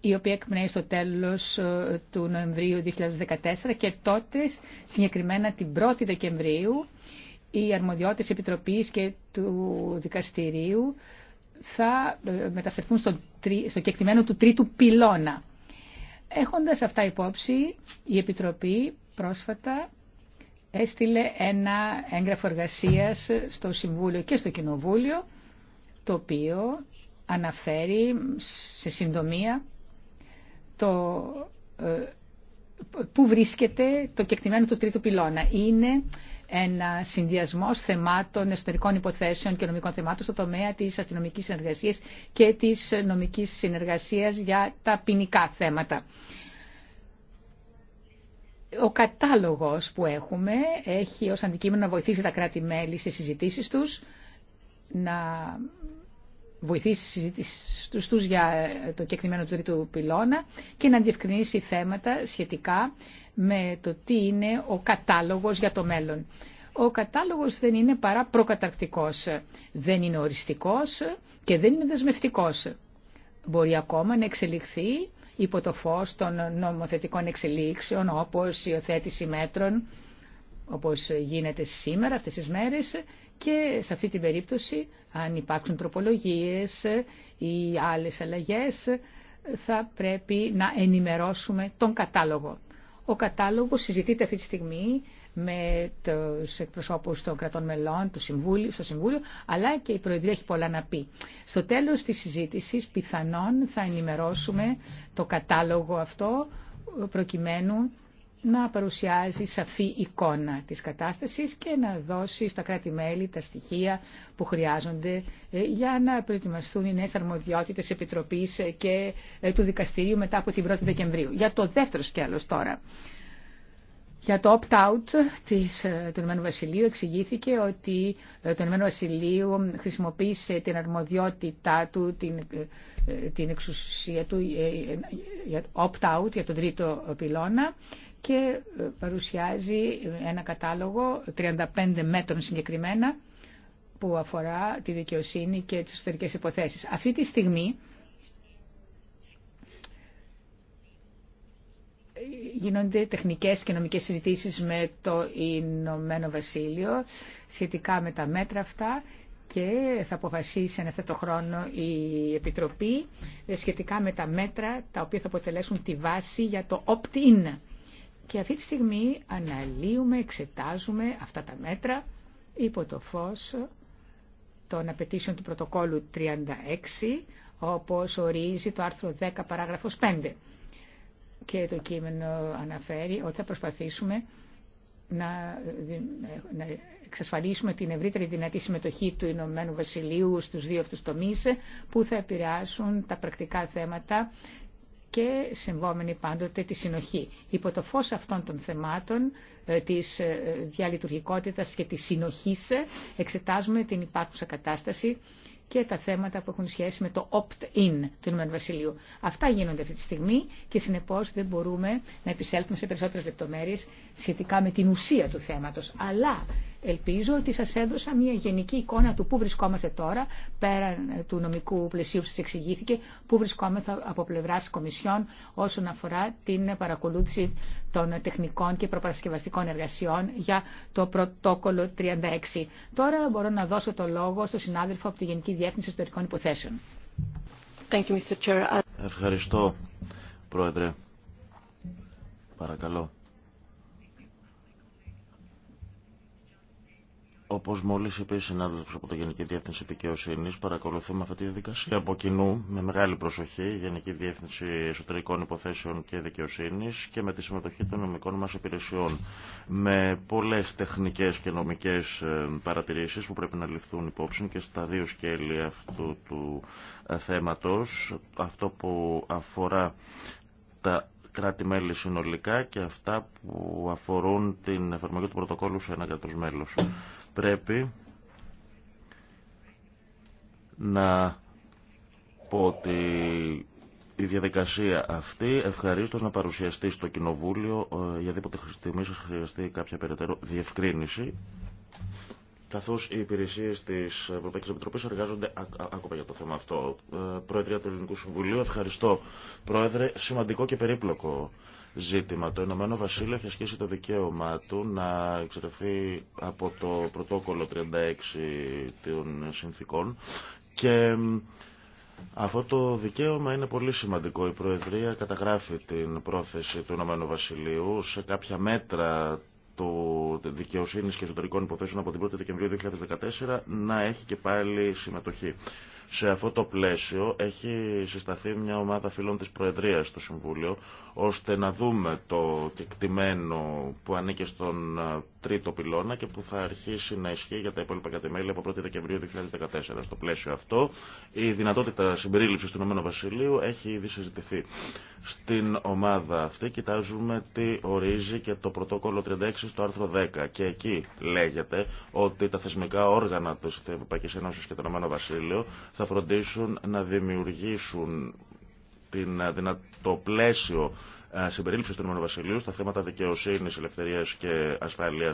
η οποία εκπνέει στο τέλος ε, του Νοεμβρίου 2014 και τότε συγκεκριμένα την 1η Δεκεμβρίου οι αρμοδιότητες Επιτροπής και του Δικαστηρίου θα ε, μεταφερθούν στο, στο κεκτημένο του τρίτου πυλώνα. Έχοντας αυτά υπόψη, η Επιτροπή πρόσφατα έστειλε ένα έγγραφο εργασίας στο Συμβούλιο και στο Κοινοβούλιο, το οποίο αναφέρει σε συντομία το ε, που βρίσκεται το κεκτημένο του τρίτου πυλώνα. Είναι ένα συνδυασμό θεμάτων εσωτερικών υποθέσεων και νομικών θεμάτων στο τομέα τη αστυνομική συνεργασία και τη νομική συνεργασία για τα ποινικά θέματα. Ο κατάλογος που έχουμε έχει ως αντικείμενο να βοηθήσει τα κράτη-μέλη σε συζητήσεις τους, να βοηθήσει συζήτηση για ε, το κεκτημένο του τρίτου πυλώνα και να διευκρινίσει θέματα σχετικά με το τι είναι ο κατάλογος για το μέλλον. Ο κατάλογος δεν είναι παρά προκαταρκτικός, δεν είναι οριστικός και δεν είναι δεσμευτικός. Μπορεί ακόμα να εξελιχθεί υπό το φως των νομοθετικών εξελίξεων όπως η οθέτηση μέτρων όπως γίνεται σήμερα αυτές τις μέρες και σε αυτή την περίπτωση αν υπάρχουν τροπολογίες ή άλλες αλλαγές θα πρέπει να ενημερώσουμε τον κατάλογο. Ο κατάλογος συζητείται αυτή τη στιγμή με τους εκπροσώπους των κρατών μελών του Συμβούλιο, στο Συμβούλιο, αλλά και η Προεδρία έχει πολλά να πει. Στο τέλος της συζήτησης πιθανόν θα ενημερώσουμε το κατάλογο αυτό προκειμένου να παρουσιάζει σαφή εικόνα της κατάστασης και να δώσει στα κράτη-μέλη τα στοιχεία που χρειάζονται ε, για να προετοιμαστούν οι νέες αρμοδιότητες Επιτροπής ε, και ε, του Δικαστηρίου μετά από την 1η Δεκεμβρίου. Για το δεύτερο σκέλος τώρα. Για το opt-out του Ηνωμένου Βασιλείου εξηγήθηκε ότι το Ηνωμένο Βασιλείο χρησιμοποίησε την αρμοδιότητά του, την, την εξουσία του opt-out για τον τρίτο πυλώνα και ε, παρουσιάζει ένα κατάλογο 35 μέτρων συγκεκριμένα που αφορά τη δικαιοσύνη και τις εσωτερικές υποθέσεις. Αυτή τη στιγμή γίνονται τεχνικές και νομικές συζητήσεις με το Ηνωμένο Βασίλειο σχετικά με τα μέτρα αυτά και θα αποφασίσει ένα το χρόνο η Επιτροπή σχετικά με τα μέτρα τα οποία θα αποτελέσουν τη βάση για το opt-in και αυτή τη στιγμή αναλύουμε, εξετάζουμε αυτά τα μέτρα υπό το φως των απαιτήσεων του πρωτοκόλου 36, όπως ορίζει το άρθρο 10 παράγραφος 5. Και το κείμενο αναφέρει ότι θα προσπαθήσουμε να, να εξασφαλίσουμε την ευρύτερη δυνατή συμμετοχή του Ηνωμένου Βασιλείου στους δύο αυτούς τομείς που θα επηρεάσουν τα πρακτικά θέματα και συμβόμενη πάντοτε τη συνοχή. Υπό το φως αυτών των θεμάτων ε, της ε, διαλειτουργικότητας και της συνοχής ε, εξετάζουμε την υπάρχουσα κατάσταση και τα θέματα που έχουν σχέση με το opt-in του Ηνωμένου Βασιλείου. Αυτά γίνονται αυτή τη στιγμή και συνεπώς δεν μπορούμε να επισέλθουμε σε περισσότερες λεπτομέρειες σχετικά με την ουσία του θέματος. Αλλά Ελπίζω ότι σας έδωσα μια γενική εικόνα του πού βρισκόμαστε τώρα, πέραν ε, του νομικού πλαισίου που σας εξηγήθηκε, πού βρισκόμαστε από πλευράς Κομισιόν όσον αφορά την παρακολούθηση των τεχνικών και προπαρασκευαστικών εργασιών για το πρωτόκολλο 36. Τώρα μπορώ να δώσω το λόγο στον συνάδελφο από τη Γενική Διεύθυνση Ιστορικών Υποθέσεων. Thank you, Mr. Ευχαριστώ, Πρόεδρε. Παρακαλώ. Όπως μόλις είπε η από το Γενική Διεύθυνση Δικαιοσύνη, παρακολουθούμε αυτή τη δικασία από κοινού με μεγάλη προσοχή, η Γενική Διεύθυνση Εσωτερικών Υποθέσεων και Δικαιοσύνης και με τη συμμετοχή των νομικών μας υπηρεσιών. Με πολλές τεχνικές και νομικές ε, παρατηρήσεις που πρέπει να ληφθούν υπόψη και στα δύο σκέλη αυτού του ε, θέματος. Αυτό που αφορά τα κράτη-μέλη συνολικά και αυτά που αφορούν την εφαρμογή του πρωτοκόλλου σε ένα κράτος μέλος πρέπει να πω ότι η διαδικασία αυτή ευχαρίστως να παρουσιαστεί στο Κοινοβούλιο ε, για δίποτε στιγμή σας χρειαστεί κάποια περαιτέρω διευκρίνηση καθώς οι υπηρεσίες της Ευρωπαϊκής Επιτροπής εργάζονται άκουπα για το θέμα αυτό. Ε, Προεδρία του Ελληνικού Συμβουλίου, ευχαριστώ. Πρόεδρε, σημαντικό και περίπλοκο ζήτημα. Το Ηνωμένο Βασίλειο έχει ασκήσει το δικαίωμά του να εξαιρεθεί από το πρωτόκολλο 36 των συνθήκων και αυτό το δικαίωμα είναι πολύ σημαντικό. Η Προεδρία καταγράφει την πρόθεση του Ηνωμένου Βασιλείου σε κάποια μέτρα του δικαιοσύνη και εσωτερικών υποθέσεων από την 1η Δεκεμβρίου 2014 να έχει και πάλι συμμετοχή. Σε αυτό το πλαίσιο έχει συσταθεί μια ομάδα φίλων της Προεδρίας στο Συμβούλιο, ώστε να δούμε το κεκτημένο που ανήκει στον τρίτο πυλώνα και που θα αρχίσει να ισχύει για τα υπολοιπα κατεμελη κατεμέλια από 1η Δεκεμβρίου 2014. Στο πλαίσιο αυτό, η δυνατότητα συμπερίληψη του Ηνωμένου Βασιλείου έχει ήδη συζητηθεί. Στην ομάδα αυτή κοιτάζουμε τι ορίζει και το πρωτόκολλο 36 στο άρθρο 10 και εκεί λέγεται ότι τα θεσμικά όργανα τη Ευρωπαϊκή Ένωση και το Ηνωμένο Βασίλειο θα φροντίσουν να δημιουργήσουν την, το πλαίσιο ε, συμπερίληψη του Ηνωμένου Βασιλείου στα θέματα δικαιοσύνη, ελευθερία και ασφάλεια ε,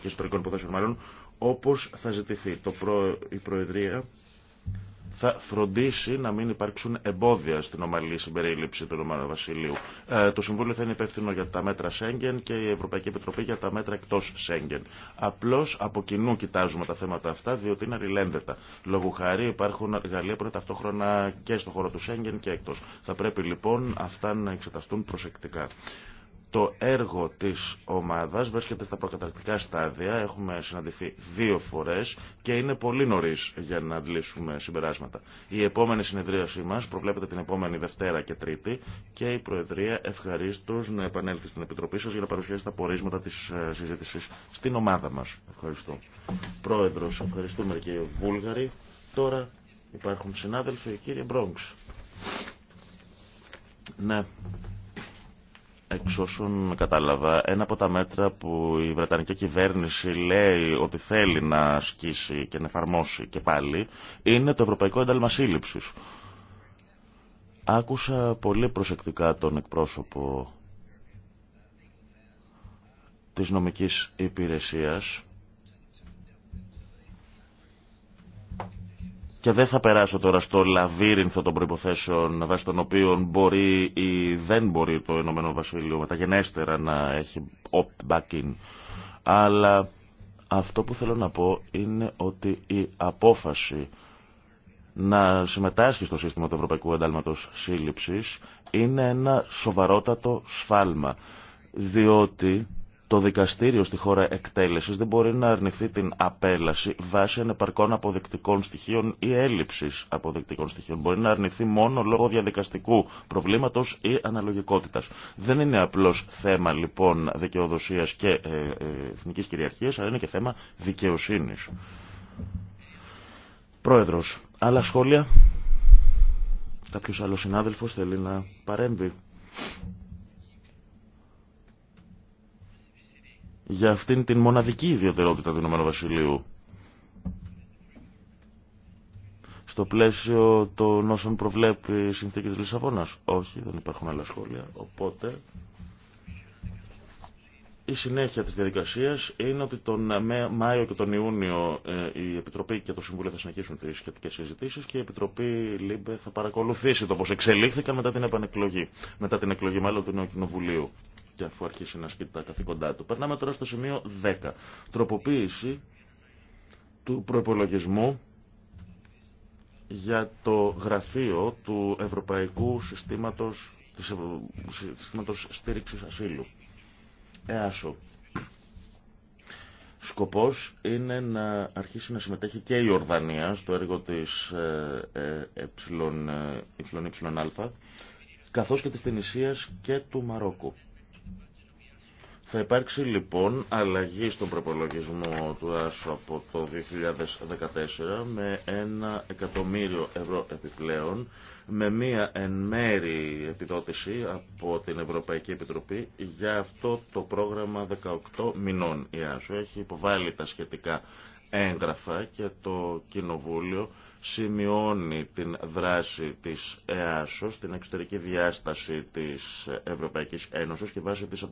και ιστορικών υποθέσεων, μάλλον, όπω θα ζητηθεί. Το προ... Η Προεδρία θα φροντίσει να μην υπάρξουν εμπόδια στην ομαλή συμπερίληψη του Ρωμανού Βασιλείου. Ε, το Συμβούλιο θα είναι υπεύθυνο για τα μέτρα Σέγγεν και η Ευρωπαϊκή Επιτροπή για τα μέτρα εκτό Σέγγεν. Απλώ από κοινού κοιτάζουμε τα θέματα αυτά, διότι είναι αλληλένδετα. Λόγω χάρη υπάρχουν εργαλεία που είναι ταυτόχρονα και στον χώρο του Σέγγεν και εκτό. Θα πρέπει λοιπόν αυτά να εξεταστούν προσεκτικά. Το έργο της ομάδας βρίσκεται στα προκαταρκτικά στάδια, έχουμε συναντηθεί δύο φορές και είναι πολύ νωρίς για να αντλήσουμε συμπεράσματα. Η επόμενη συνεδρίασή μας προβλέπεται την επόμενη Δευτέρα και Τρίτη και η Προεδρία ευχαρίστως να επανέλθει στην Επιτροπή σας για να παρουσιάσει τα πορίσματα της ε, συζήτησης στην ομάδα μας. Ευχαριστώ. Πρόεδρος, ευχαριστούμε κύριε Βούλγαρη. Τώρα υπάρχουν συνάδελφοι, κύριε Μπρόγκς. Ναι. Εξ όσων κατάλαβα, ένα από τα μέτρα που η Βρετανική κυβέρνηση λέει ότι θέλει να ασκήσει και να εφαρμόσει και πάλι είναι το Ευρωπαϊκό Ένταλμα Άκουσα πολύ προσεκτικά τον εκπρόσωπο της νομικής υπηρεσίας Και δεν θα περάσω τώρα στο λαβύρινθο των προϋποθέσεων βάσει των οποίων μπορεί ή δεν μπορεί το Ηνωμένο Βασίλειο μεταγενέστερα να έχει opt-back in. Αλλά αυτό που θέλω να πω είναι ότι η απόφαση να συμμετάσχει στο σύστημα του Ευρωπαϊκού Εντάλματος Σύλληψης είναι ένα σοβαρότατο σφάλμα. Διότι το δικαστήριο στη χώρα εκτέλεσης δεν μπορεί να αρνηθεί την απέλαση βάσει ανεπαρκών αποδεκτικών στοιχείων ή έλλειψης αποδεκτικών στοιχείων. Μπορεί να αρνηθεί μόνο λόγω διαδικαστικού προβλήματος ή αναλογικότητας. Δεν είναι απλώς θέμα λοιπόν δικαιοδοσίας και ε, ε, εθνικής κυριαρχίας, αλλά είναι και θέμα δικαιοσύνης. Πρόεδρος, άλλα σχόλια. Κάποιος άλλος συνάδελφος θέλει να παρέμβει. για αυτήν την μοναδική ιδιαιτερότητα του Ηνωμένου Βασιλείου. Στο πλαίσιο των όσων προβλέπει η συνθήκη της Λισαβόνας. Όχι, δεν υπάρχουν άλλα σχόλια. Οπότε η συνέχεια της διαδικασίας είναι ότι τον Μάιο και τον Ιούνιο ε, η Επιτροπή και το Συμβούλιο θα συνεχίσουν τις σχετικές συζητήσεις και η Επιτροπή ΛΥΜΠΕ θα παρακολουθήσει το πώς εξελίχθηκαν μετά την επανεκλογή, μετά την εκλογή μάλλον του Νέου Κοινοβουλίου και αφού αρχίσει να ασκεί τα καθήκοντά του. Περνάμε τώρα στο σημείο 10. Τροποποίηση του προπολογισμού για το γραφείο του Ευρωπαϊκού Συστήματος, της Συστήματος Στήριξης Ασύλου. ΕΑΣΟ. Σκοπός είναι να αρχίσει να συμμετέχει και η Ορδανία στο έργο της ε, ε, ε, α. καθώς και της Τινησίας και του Μαρόκου. Θα υπάρξει λοιπόν αλλαγή στον προπολογισμό του ΆΣΟ από το 2014 με ένα εκατομμύριο ευρώ επιπλέον με μία εν μέρη επιδότηση από την Ευρωπαϊκή Επιτροπή για αυτό το πρόγραμμα 18 μηνών. Η ΆΣΟ έχει υποβάλει τα σχετικά έγγραφα και το Κοινοβούλιο σημειώνει την δράση της ΕΑΣΟ στην εξωτερική διάσταση της Ευρωπαϊκής Ένωσης και βάσει της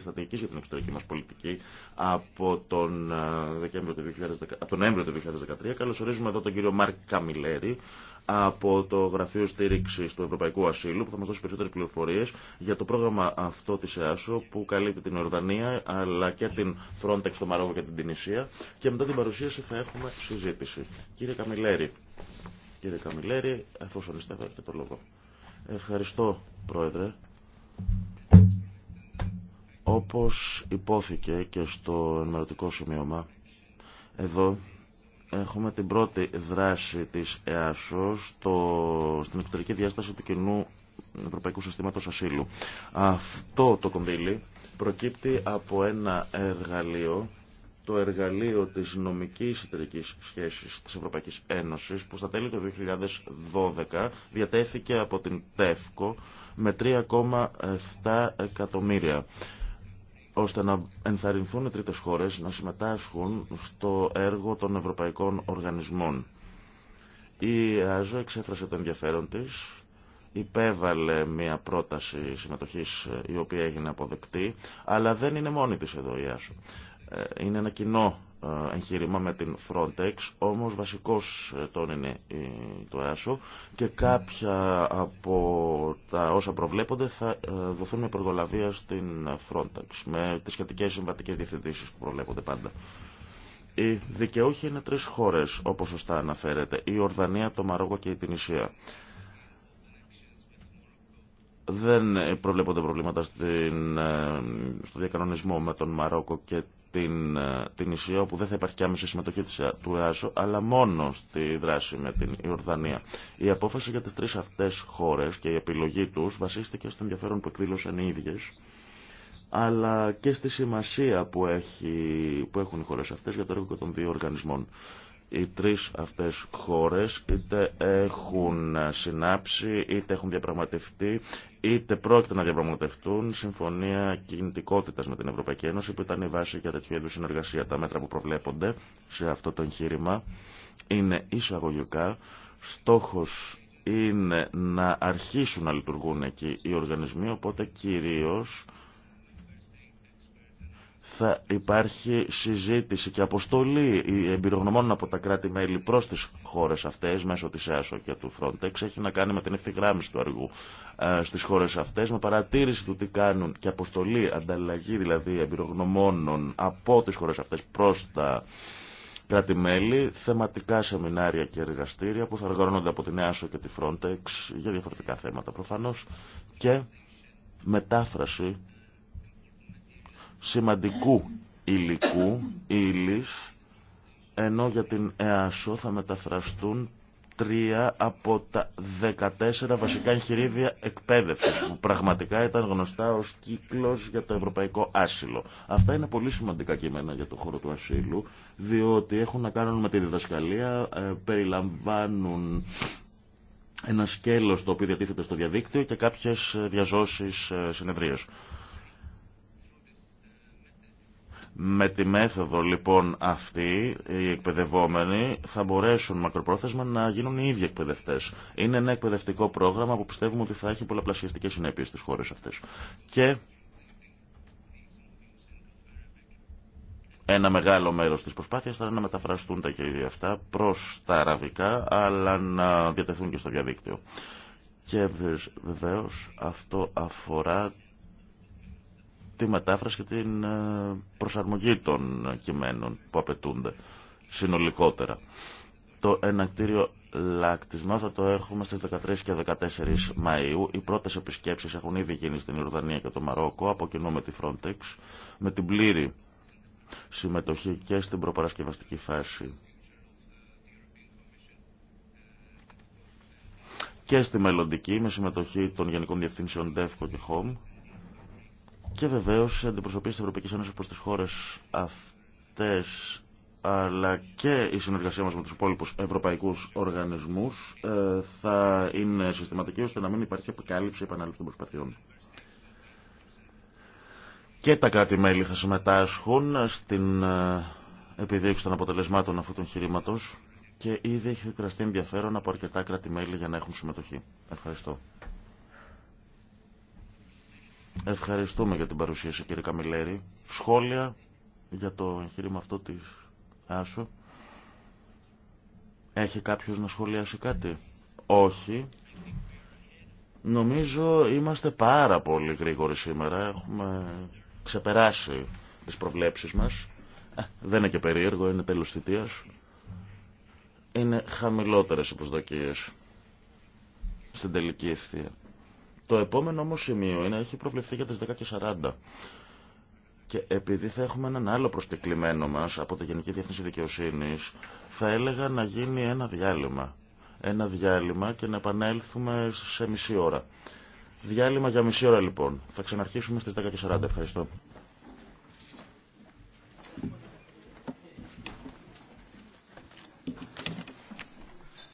στρατηγικής για την εξωτερική μας πολιτική από τον, ε, Δεκέμβριο του 2013. Από τον του 2013. Καλωσορίζουμε εδώ τον κύριο Μάρκ Καμιλέρη, από το Γραφείο Στήριξη του Ευρωπαϊκού Ασύλου που θα μα δώσει περισσότερε πληροφορίε για το πρόγραμμα αυτό τη ΕΑΣΟ που καλύπτει την Ορδανία αλλά και την Frontex, το Μαρόκο και την Τινησία. Και μετά την παρουσίαση θα έχουμε συζήτηση. Κύριε Καμιλέρη, κύριε Καμιλέρη, εφόσον είστε εδώ, έχετε το λόγο. Ευχαριστώ, Πρόεδρε. Όπως υπόθηκε και στο ενημερωτικό σημείωμα, εδώ Έχουμε την πρώτη δράση της ΕΑΣΟ στο, στην εξωτερική διάσταση του κοινού Ευρωπαϊκού Συστήματος Ασύλου. Αυτό το κονδύλι προκύπτει από ένα εργαλείο το εργαλείο της νομικής εταιρικής σχέσης της Ευρωπαϊκής Ένωσης που στα τέλη του 2012 διατέθηκε από την ΤΕΦΚΟ με 3,7 εκατομμύρια ώστε να ενθαρρυνθούν οι τρίτες χώρες να συμμετάσχουν στο έργο των ευρωπαϊκών οργανισμών. Η ΑΖΟ εξέφρασε το ενδιαφέρον της, υπέβαλε μια πρόταση συμμετοχής η οποία έγινε αποδεκτή, αλλά δεν είναι μόνη της εδώ η ΑΖΟ. Ε, είναι ένα κοινό ε, εγχείρημα με την Frontex, όμως βασικός ε, τον είναι το ΕΑΣΟ και κάποια από τα όσα προβλέπονται θα ε, δοθούν με υπεργολαβία στην Frontex, με τις σχετικές συμβατικές διευθυντήσεις που προβλέπονται πάντα. Οι δικαιούχοι είναι τρεις χώρες, όπως σωστά αναφέρεται, η Ορδανία, το Μαρόκο και η Τινησία. Δεν προβλέπονται προβλήματα στην, στο διακανονισμό με τον Μαρόκο και την, ε, την Ισία, όπου δεν θα υπάρχει και άμεση συμμετοχή ε, του ΕΑΣΟ, αλλά μόνο στη δράση με την Ιορδανία. Η απόφαση για τις τρεις αυτές χώρες και η επιλογή τους βασίστηκε στο ενδιαφέρον που εκδήλωσαν οι ίδιες, αλλά και στη σημασία που, έχει, που έχουν οι χώρες αυτές για το έργο των δύο οργανισμών. Οι τρεις αυτές χώρες είτε έχουν συνάψει, είτε έχουν διαπραγματευτεί, είτε πρόκειται να διαπραγματευτούν συμφωνία κινητικότητας με την Ευρωπαϊκή Ένωση που ήταν η βάση για τέτοιου είδους συνεργασία. Τα μέτρα που προβλέπονται σε αυτό το εγχείρημα είναι εισαγωγικά. Στόχος είναι να αρχίσουν να λειτουργούν εκεί οι οργανισμοί, οπότε κυρίως θα υπάρχει συζήτηση και αποστολή εμπειρογνωμών από τα κράτη-μέλη προ τι χώρε αυτέ μέσω τη ΕΑΣΟ και του Frontex έχει να κάνει με την ευθυγράμμιση του αργού ε, στι χώρε αυτέ, με παρατήρηση του τι κάνουν και αποστολή ανταλλαγή δηλαδή εμπειρογνωμόνων από τι χώρε αυτέ προ τα κράτη-μέλη, θεματικά σεμινάρια και εργαστήρια που θα οργανώνονται από την ΕΑΣΟ και τη Frontex για διαφορετικά θέματα προφανώ και μετάφραση σημαντικού υλικού, ύλης, ενώ για την ΕΑΣΟ θα μεταφραστούν τρία από τα 14 βασικά εγχειρίδια εκπαίδευσης που πραγματικά ήταν γνωστά ως κύκλος για το ευρωπαϊκό άσυλο. Αυτά είναι πολύ σημαντικά κείμενα για το χώρο του ασύλου διότι έχουν να κάνουν με τη διδασκαλία, ε, περιλαμβάνουν ένα σκέλος το οποίο διατίθεται στο διαδίκτυο και κάποιες ε, διαζώσεις ε, συνεδρίες. Με τη μέθοδο λοιπόν αυτή, οι εκπαιδευόμενοι θα μπορέσουν μακροπρόθεσμα να γίνουν οι ίδιοι εκπαιδευτέ. Είναι ένα εκπαιδευτικό πρόγραμμα που πιστεύουμε ότι θα έχει πολλαπλασιαστικέ συνέπειε στι χώρε αυτέ. Και ένα μεγάλο μέρο τη προσπάθεια θα είναι να μεταφραστούν τα κερδία αυτά προ τα αραβικά, αλλά να διατεθούν και στο διαδίκτυο. Και βεβαίω αυτό αφορά τη μετάφραση και την ε, προσαρμογή των κειμένων που απαιτούνται συνολικότερα. Το ενακτήριο λάκτισμα θα το έχουμε στις 13 και 14 Μαΐου. Οι πρώτες επισκέψεις έχουν ήδη γίνει στην Ιορδανία και το Μαρόκο, από κοινού με τη Frontex, με την πλήρη συμμετοχή και στην προπαρασκευαστική φάση και στη μελλοντική με συμμετοχή των Γενικών Διευθύνσεων DEFCO και HOME. Και βεβαίω η αντιπροσωπή τη Ευρωπαϊκή Ένωση προς τι χώρε αυτέ, αλλά και η συνεργασία μα με τους υπόλοιπου ευρωπαϊκούς οργανισμούς ε, θα είναι συστηματική ώστε να μην υπάρχει επικάλυψη επανάληψη των προσπαθειών. Και τα κράτη-μέλη θα συμμετάσχουν στην ε, επιδίωξη των αποτελεσμάτων αυτού του εγχειρήματο και ήδη έχει εκφραστεί ενδιαφέρον από αρκετά κράτη-μέλη για να έχουν συμμετοχή. Ευχαριστώ. Ευχαριστούμε για την παρουσίαση κύριε Καμιλέρη. Σχόλια για το εγχείρημα αυτό της Άσο. Έχει κάποιος να σχολιάσει κάτι. Όχι. Νομίζω είμαστε πάρα πολύ γρήγοροι σήμερα. Έχουμε ξεπεράσει τις προβλέψεις μας. Ε, δεν είναι και περίεργο, είναι τέλος θητείας. Είναι χαμηλότερες οι προσδοκίες στην τελική ευθεία. Το επόμενο όμως σημείο είναι, έχει προβλεφθεί για τι 10.40. Και επειδή θα έχουμε έναν άλλο προσκεκλημένο μας από τη Γενική Διεθνή Δικαιοσύνη, θα έλεγα να γίνει ένα διάλειμμα. Ένα διάλειμμα και να επανέλθουμε σε μισή ώρα. Διάλειμμα για μισή ώρα λοιπόν. Θα ξαναρχίσουμε στις 10.40. Ευχαριστώ.